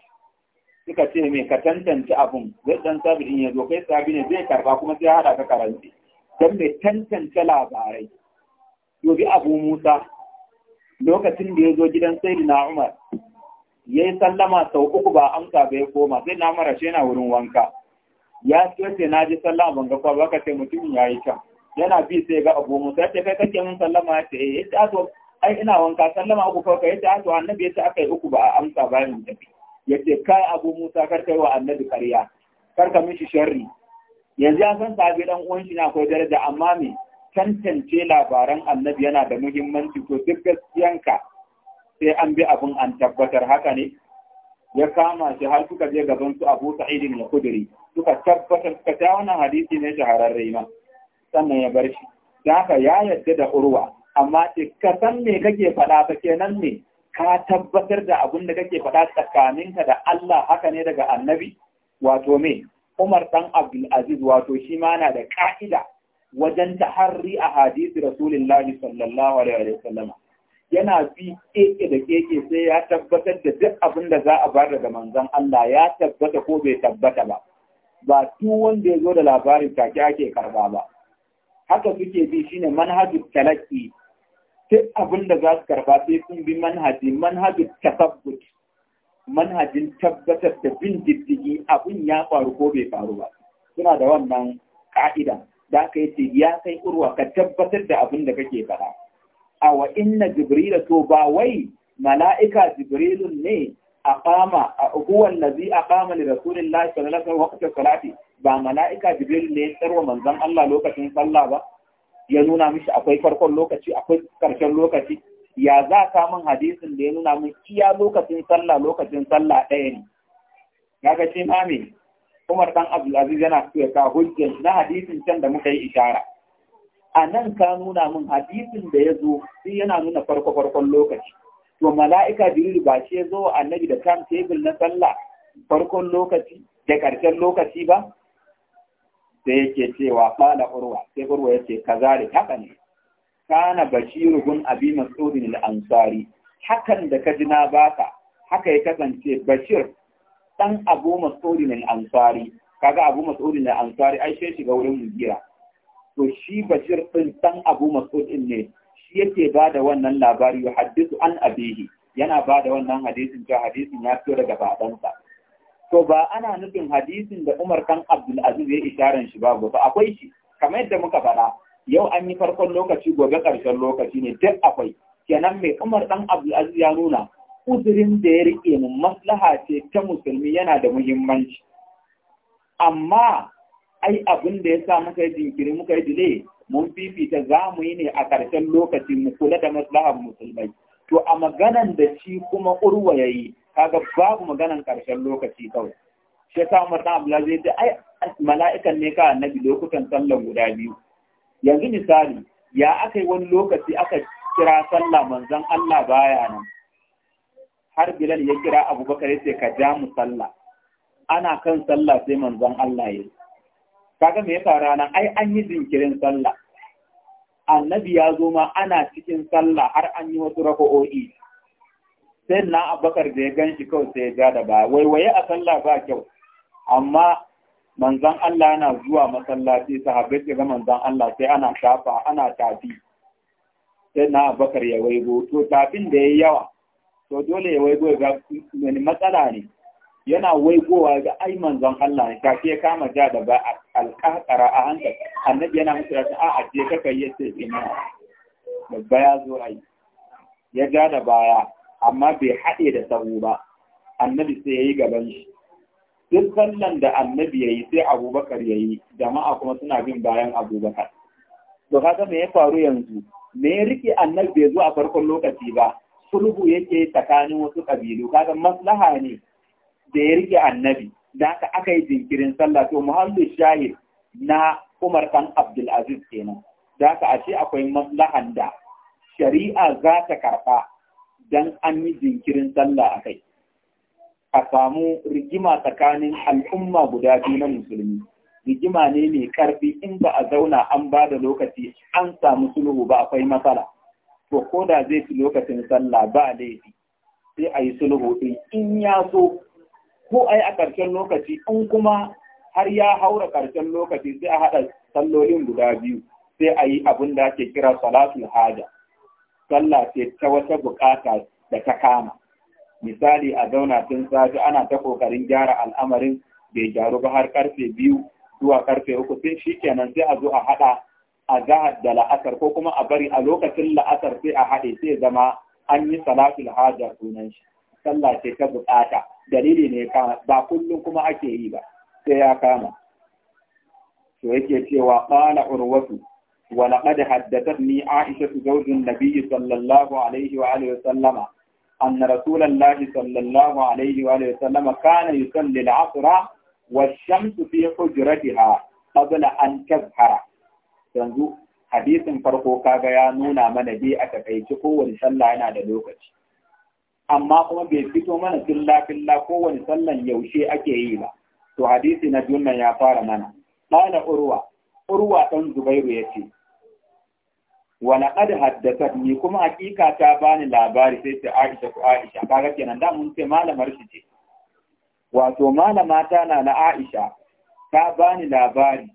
suka ce me ka tantance abun zai dan sabit in ya zo kai sabi zai karba kuma sai hada ka karanci don me tantance labarai Yobi Abu Musa lokacin da ya zo gidan Sayyidina Umar ya yi sallama sau uku ba amsa ba ya koma sai na mara shi yana wurin wanka ya sai na ji sallama ban ga kwaba ka sai mutumin ya yi can yana bi sai ga abu musa ya ce kai kake mun sallama ya ce eh ya ce ah, ai ina wanka sallama uku kawai ya ce ah, to annabi ya ce aka yi uku ba a amsa ba ni tafi ya ce kai abu musa kar kai wa annabi karya kar ka mishi sharri yanzu ya san sabi dan uwan shi na akwai daraja amma me tantance labaran annabi yana da muhimmanci to duk gaskiyanka sai an bi abin an tabbatar haka ne ya kama shi har suka je gaban su Abu Sa'id al-Khudri suka tabbatar suka ta wannan hadisi ne shahararre ma sannan ya bar shi da haka ya yarda da urwa amma ce ka san me kake faɗa ba kenan ne ka tabbatar da abin da kake faɗa tsakaninka da Allah haka ne daga annabi wato me Umar dan Abdul Aziz wato shi ma na da ka'ida wajen harri a hadisi Rasulullahi sallallahu alaihi wasallam yana fi keke da keke sai ya tabbatar da duk abin da za a bar daga manzon Allah ya tabbata ko bai tabbata ba ba tu wanda ya zo da labarin take ake karba ba haka suke bi shine manhajin talaki, duk abin da za su karba sai sun bi manhaji manhajin tasabbut manhajin tabbatar da bin diddigi abin ya faru ko bai faru ba suna da wannan ka'ida da aka ce ya kai urwa ka tabbatar da abin da kake faɗa a wa inna Jibrilu to ba wai mala'ika jibrilu ne a aqama a allazi aqama li rasulillahi sallallahu alaihi wasallam salati ba mala'ika jibrilu ne tsarwa manzan Allah lokacin sallah ba ya nuna mishi akwai farkon lokaci akwai karshen lokaci ya za ka min hadisin da ya nuna min iya lokacin sallah lokacin sallah ɗaya ne kaga ce ma Umar dan Aziz yana cewa ka na hadisin can da muka yi ishara a nan ka nuna min hadisin da ya zo sai yana nuna farko farkon lokaci to mala'ika jibril ba shi ya zo annabi da kan table na sallah farkon lokaci da ƙarshen lokaci ba sai yake cewa fala urwa sai urwa yace da haka ne kana bashiru gun abi mas'udin al-ansari hakan da kaji na baka haka ya kasance bashir dan Abu Mas'ud al-Ansari kaga Abu Mas'ud al-Ansari ai sai shiga wurin Mugira to shi Bashir din dan Abu Mas'ud ne shi yake ba da wannan labari ya haddisu an abihi yana ba da wannan hadisin ta hadisin ya fito daga babansa to ba ana nufin hadisin da Umar kan Abdul Aziz ya isharan shi ba ba akwai shi kamar yadda muka faɗa yau an yi farkon lokaci gobe karshen lokaci ne duk akwai kenan mai Umar dan Abdul Aziz ya nuna uzurin da ya rike mu maslaha ce ta musulmi yana da muhimmanci amma ai abin da ya sa muka yi jinkiri muka yi dile mun fifita za mu yi ne a ƙarshen lokaci mu kula da maslahar musulmai to a maganan da shi kuma urwa ya yi kaga babu maganan ƙarshen lokaci kawai shi ya sa umar dan zai ce ai mala'ikan ne ka annabi lokutan sallar guda biyu yanzu misali ya aka yi wani lokaci aka kira sallah manzon Allah baya nan har Bilal ya kira Abubakar ya ce ka ja mu sallah ana kan sallah sai manzon Allah ya kaga me yasa rana ai an yi zinkirin sallah annabi ya zo ma ana cikin sallah har an yi wasu raka'o'i sai na Abubakar da ya ganshi kawai sai ya ja da baya waiwaye a sallah ba kyau amma manzon Allah yana zuwa masallaci sahabbai sai ga manzon Allah sai ana shafa ana tafi sai na Abubakar ya waigo to tafin da yayi yawa to dole ya waigo ga wani matsala ne yana waigowa ga ai manzon Allah ne kafi ya kama ja da ba alƙaƙara a hankali annabi yana musu rasu a ajiye kaka yi ce ina babba ya zo ai ya ja da baya amma bai haɗe da sahu ba annabi sai ya yi gaban shi duk sallan da annabi ya yi sai abubakar ya yi jama'a kuma suna bin bayan abubakar to kaga me ya faru yanzu me ya rike annabi bai zo a farkon lokaci ba sulhu yake tsakanin wasu kabilu kaga maslaha ne da ya rike annabi da aka aka yi jinkirin sallah to muhammadu shahid na umar kan abdul aziz kenan da aka ce akwai maslahan da shari'a za ta karɓa dan an yi jinkirin sallah a kai a samu rigima tsakanin al'umma guda biyu na musulmi rigima ne mai karfi in ba a zauna an ba da lokaci an samu sulhu ba akwai matsala to ko da zai fi lokacin sallah ba laifi sai a yi sulhu ɗin in ya so ko a yi a ƙarshen lokaci in kuma har ya haura ƙarshen lokaci sai a haɗa sallolin guda biyu sai a yi abin da ake kira salatul haja sallah ce ta wata buƙata da ta kama misali a zauna tun safi ana ta ƙoƙarin gyara al'amarin bai gyaru ba har ƙarfe biyu zuwa ƙarfe uku sai shikenan sai a zo a haɗa a zahar da la'asar ko kuma a bari a lokacin la'asar sai a haɗe sai zama an yi salatul hajar sunan shi sallah ce ta buƙata. dalili ne kama ba kullum kuma ake yi ba sai ya kama to yake cewa qala urwatu wa laqad haddathatni aisha zawjun nabiy sallallahu alaihi wa alihi wa sallama أن رسول الله صلى الله عليه وآله وسلم كان يصلي العصر والشمس في حجرتها قبل أن تظهر yanzu hadisin farko kaga ya nuna mana bi a takaici koWani sallah yana da lokaci amma kuma bai fito mana filla filla kowane sallan yaushe ake yi ba to hadisi na dunnan ya fara mana qala urwa urwa dan zubairu yace wa laqad haddathani kuma hakika ta bani labari sai ta Aisha ko Aisha kaga kenan da mun ce malamar shi ce wato malama ta na na Aisha ta bani labari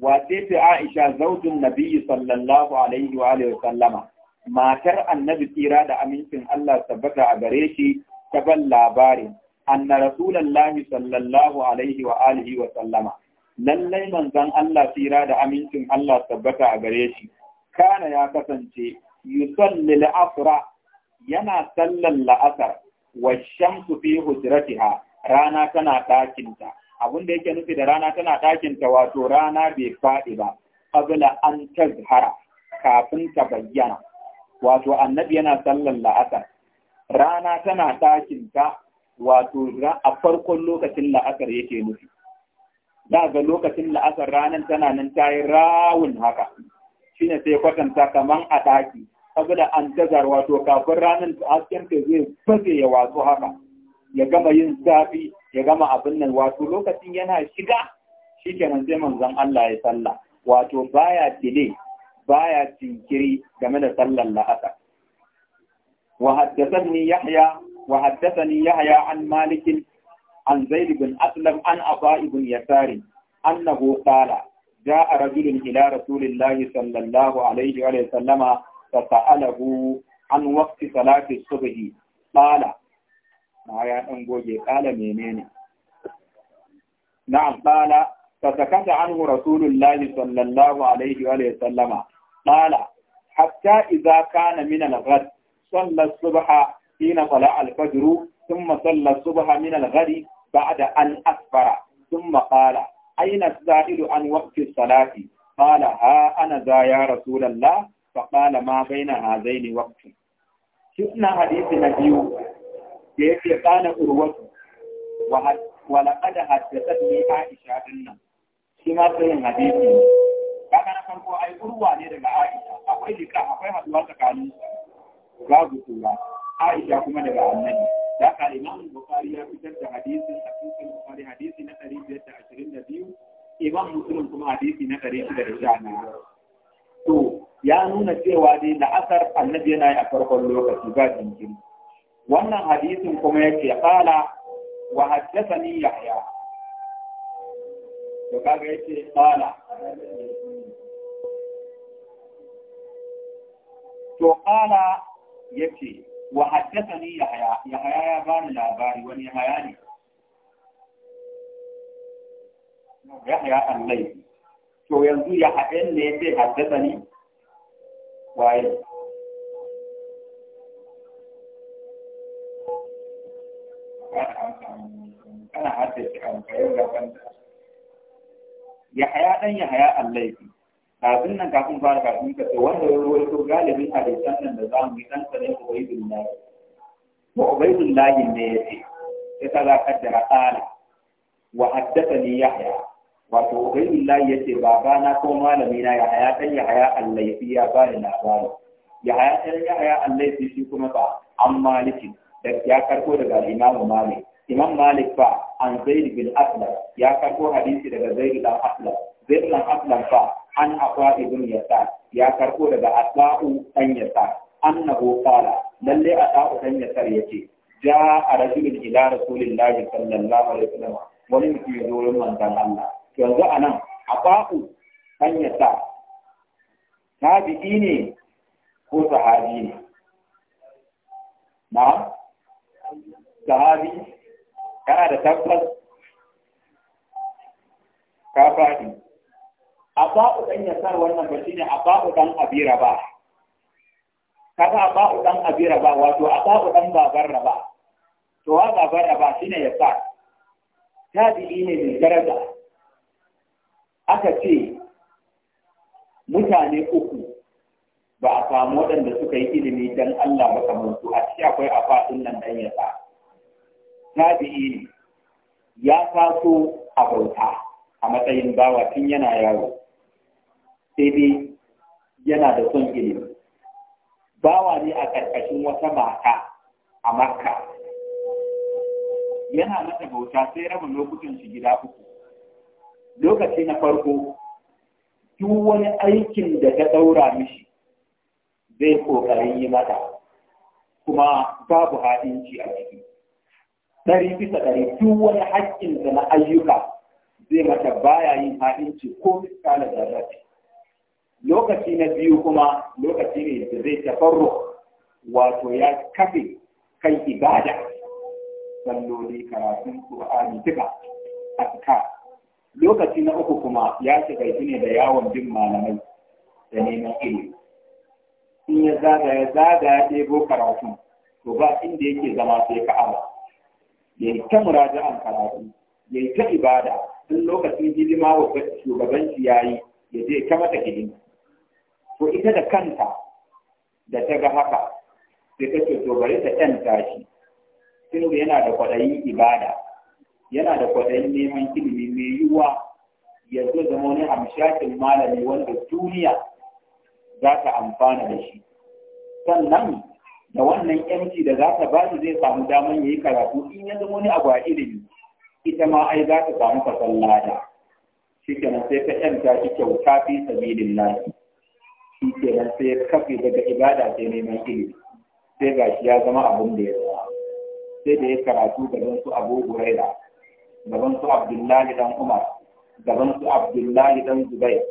wace ce Aisha zaujin Nabi sallallahu alaihi wa alihi sallama matar Annabi tsira da amincin Allah tabbata a gare shi ta ban labarin anna rasulullahi sallallahu alaihi wa alihi wa sallama lallai manzon Allah tsira da amincin Allah tabbata a gare shi kana ya kasance yusalli al-asra yana sallan la'asar wa shamsu fi hujratiha rana tana ɗakinta abin da yake nufi da rana tana ɗakin ta wato rana bai faɗi ba abula an tazhara kafin ta bayyana wato annabi yana sallan la'asar rana tana ɗakin ta wato a farkon lokacin la'asar yake nufi da ga lokacin la'asar ranar tana nan ta yi rawun haka Shi ne sai kwatanta kaman a ɗaki abula an tazar wato kafin ranar hasken ta zai baze ya wasu haka ya gama yin zafi ya gama abin nan wato lokacin yana shiga shikenan sai manzon Allah ya sallah wato baya delay baya jinkiri game da sallar laasa wa haddathani yahya wa haddathani yahya an malik an zaid bin aslam an aba ibn yasar annahu qala جاء رجل Ila rasulillah sallallahu alaihi wa sallama وسلم فسأله an وقت صلاة الصبح قال maya ɗan goge ƙala menene na ƙala ta zakata an wa rasulullahi sallallahu alaihi wa sallama ƙala hatta idza kana min al-ghad salla subha hina qala al-fajr thumma salla subha min al-ghad an asfara thumma qala aina zahidu an waqti salati qala ha ana za ya rasulullah fa qala ma baina hadaini waqti shi ina hadisi na biyu da yake kana urwatu wa walaqad haddathatni Aisha dinnan shi ma sayin hadisi ne kaga na farko ai urwa ne daga Aisha akwai lika akwai haduwa tsakanin babu tura Aisha kuma daga Annabi da ka Imam Bukhari ya fitar da hadisin a cikin Bukhari hadisi na 522 Imam Muslim kuma hadisi na 619 to ya nuna cewa dai da asar Annabi yana yi a farkon lokaci ba jinkiri wannan hadisin kuma yake qala wa haddathani yahya to kaga yake qala to qala yace wa haddathani yahya yahya ya bani labari wani yahya ne yahya allai to yanzu ya haɗin ne ya ce haddasa ni waye kana haddace abu ka yau gaban ya haya dan ya haya yake kafin nan kafin fara kafin ka ce wanda ya to galibin san nan da zamu yi dan bai ubaidullahi da yin ne ya ce za kaza kaddara ala wa li yahya wato da ya ce babana ko malami na ya haya dan ya haya yake ya bani labari ya haya dan ya haya yake shi kuma ba an maliki da ya karko daga imamu malik imam malik fa an zaid bin aslam ya karbo hadisi daga zaid bin aslam zaid bin aslam fa an aqwa ibn yasar ya karbo daga asba'u dan yasar annahu qala lalle asba'u dan yasar yace ja a rajulun ila rasulillahi sallallahu alaihi wasallam wani mutum ya zo wurin manzon Allah yanzu anan asba'u dan yasar tabi'i ne ko sahabi ne na sahabi kana da tabbas ka faɗi ba'u dan yasar wannan ba shine a ba'u dan abira ba kaga ba'u dan abira ba wato ba'u dan babar raba to wa babar raba shine yasar tabi'i ne mai daraja aka ce mutane uku ba a samu waɗanda suka yi ilimi dan Allah ba kamar su a ciki akwai afa'in nan dan yasar tabi'i ya taso a bauta a matsayin bawa tun yana yaro sai dai yana da son ilimi bawa ne a ƙarƙashin wata mata a makka yana mata bauta sai raba lokutan shi gida uku lokaci na farko duk wani aikin da ta ɗaura mishi zai ƙoƙarin yi mata kuma babu haɗinci a ciki Dari bisa ɗari duk wani haƙƙin da na ayyuka zai mata baya yin ha'inci ko kala da lokaci na biyu kuma lokaci ne da zai tafarro wato ya kafe kan ibada salloli karatun qur'ani duka azka lokaci na uku kuma ya shiga ne da yawon bin malamai da neman ilimi in ya zaga ya zaga ya ɗebo karatu to ba inda yake zama sai ka ka'aba ya yi ta muraja'an karatu ya ta ibada tun lokacin hidima wa shugaban ya yi ya je ta mata hidima to ita da kanta da ta ga haka sai ta ce to bari ta ɗanta shi yana da kwaɗayin ibada yana da kwaɗayin neman ilimi mai yiwuwa ya zo zama wani amshakin malami wanda duniya za ta amfana da shi sannan da wannan yanci da za ta bashi zai samu damar ya yi karatu in ya zama wani abu a ilimi ita ma ai za ta samu kasan lada shi kenan sai ka yanta shi kyauta fi sabilin lahi shi kenan sai ya kafe daga ibada sai neman ilimi sai ga shi ya zama abin da ya zama sai da ya karatu gaban su abu buraida gaban su abdullahi dan umar gaban su abdullahi dan zubair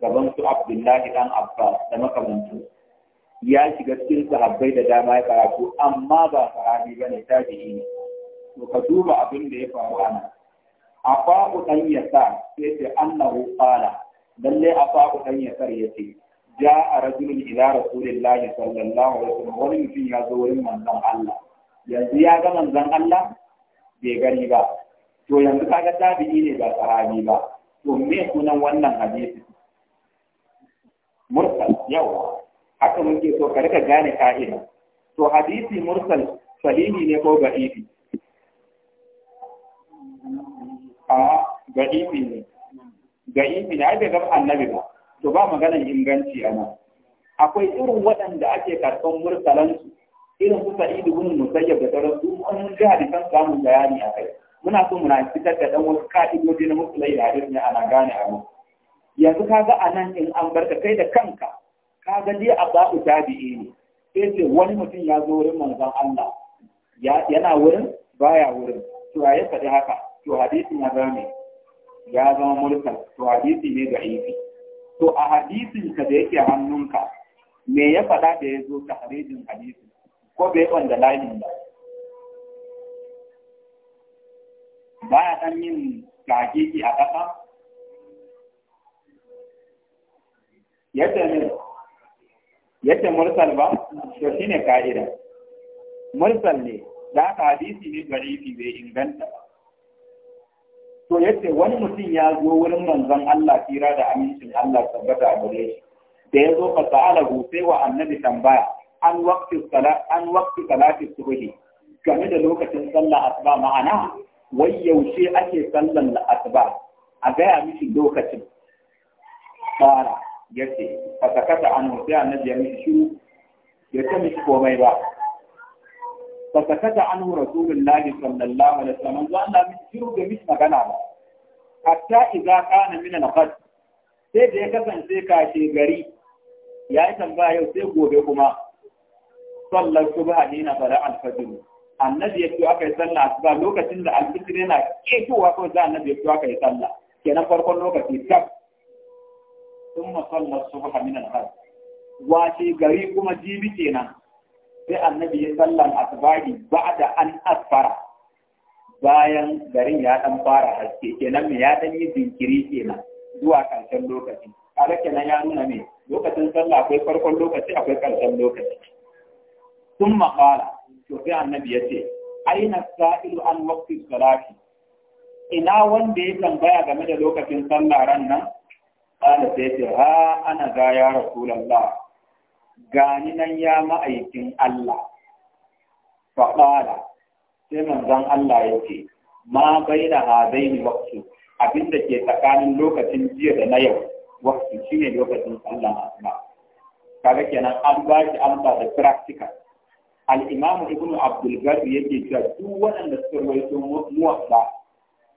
gaban su abdullahi dan abbas da makamantansu ya shiga cikin sahabbai da dama ya karatu amma ba sahabi ba ne ne to ka duba abin da ya faru ana afa'u dan sa sai ce annahu qala lalle afa'u dan yasa yace a rajulun ila Rasulullahi sallallahu alaihi wasallam wani mutum ya zo wurin manzon Allah yanzu ya ga manzon Allah bai gari ba to yanzu ga tabi'i ne ba sahabi ba to me sunan wannan hadisi Murtala yawa haka muke so ka rika gane ka'ida to hadisi mursal sahihi ne ko da'ifi a da'ifi ne da'ifi ne ai bai annabi ba to ba maganar inganci a akwai irin waɗanda ake karɓar mursalansu irin su sa'idu bin musayyab da sauran su mun ji hadisan samun bayani a kai muna so muna fitar da ɗan wasu ka'idoji na musulai da hadisi ne ana gane a yanzu ka ga a nan in an barka kai da kanka ka ga dai aba'u tabi'i ne sai ce wani mutum ya zo wurin manzon Allah yana wurin baya wurin to ya faɗi haka to hadisin ya zama ya zama mulka to hadisi ne ga ifi to a hadisin ka da yake hannunka me ya faɗa da ya zo ta harijin hadisi ko bai wanda layin ba baya ɗan yin gagiki a ƙasa yadda ne yadda mursal ba to shine ka'ida mursal ne da hadisi ne garifi bai inganta ba to yace wani mutum ya zo wurin manzon Allah tira da amincin Allah tabbata gare shi da ya zo fa sa'alahu sai wa annabi tambaya an waqti sala an waqti salati subhi game da lokacin sallah asuba ma'ana wai yaushe ake sallan asuba a gaya mishi lokacin fara yace fasakata an anhu sai annabi ya mishi shiru ya ce mishi komai ba fa an anhu rasulullahi sallallahu alaihi wasallam zan Allah mishi shiru da mishi magana ba hatta idza kana min al-qad sai da ya kasance kashe gari ya yi tambaya yau sai gobe kuma sallar subha ne na fara alfajir annabi ya ce aka yi sallah asuba lokacin da alfajir yana ketowa kawai za annabi ya ce aka yi sallah kenan farkon lokaci tab sun masallar subha min al-har wace gari kuma jibi kenan sai annabi ya sallan asbari da an asfara bayan garin ya dan fara haske kenan me ya dan yi jinkiri kenan zuwa karshen lokaci kaga kenan ya nuna me lokacin sallah akwai farkon lokaci akwai karshen lokaci sun maƙala to sai annabi ya ce aina sa'ilu an waqti salati ina wanda ya tambaya game da lokacin sallah ran nan Ƙala sai ce, ha ana ga ya Rasulallah, gani nan ya ma'aikin Allah. qala sai manzon Allah ya ma bai da hazai abinda ke tsakanin lokacin jiya da na yau, waksu shine lokacin sallan asma. Kaga kenan an ba shi amsa da practical. Al'imamu ibnu Abdul yake cewa duk waɗanda suka rawaito muwaffa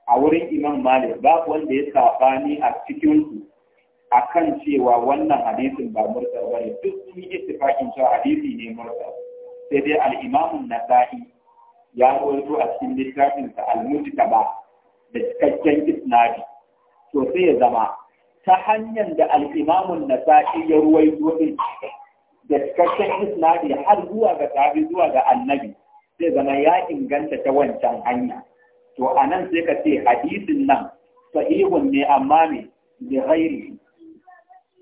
a wurin Imam Malik babu wanda ya safani a cikin su akan cewa wannan hadisin ba ba ne duk sun yi ittifaqin cewa hadisi ne Murtala, sai dai al na nasai ya rawaito a cikin littafin sa al ba da cikakken isnadi to sai ya zama ta hanyar da al na nasai ya rawaito din da cikakken isnadi har zuwa ga tabi zuwa ga annabi sai zama ya inganta ta wancan hanya to anan sai ka ce hadisin nan sahihun ne amma ne da ghairihi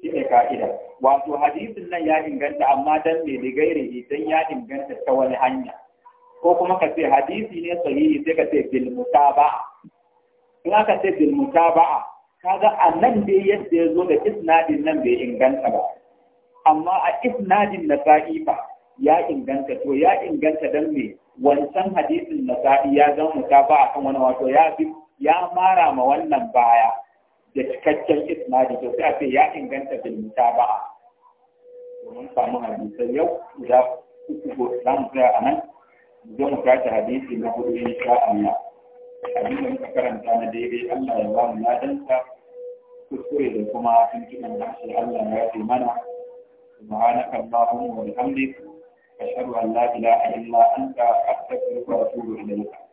shi ne ka'ida wato hadisin nan ya inganta amma dan me da gairi idan ya inganta ta wani hanya ko kuma ka ce hadisi ne sahihi sai ka ce bil mutaba'a in aka ce bil mutaba'a kaga a nan dai yadda ya zo da isnadin nan bai inganta ba amma a isnadin na sa'ifa ya inganta to ya inganta dan me wancan hadisin na sa'i ya zama mutaba'a kan wani wato ya ya mara ma wannan baya cikakken isma da ke sai ya inganta bil mutaba'a domin samu hadisi yau da uku ko dan mu tsaya a nan mu zo hadisi na hudu in sha Allah abin da karanta na daidai Allah ya ba mu ladanta kuskure da kuma tuntuɓin harshe Allah ya yi mana سبحانك اللهم وبحمدك أشهد أن لا إله إلا أنت أستغفرك وأتوب إليك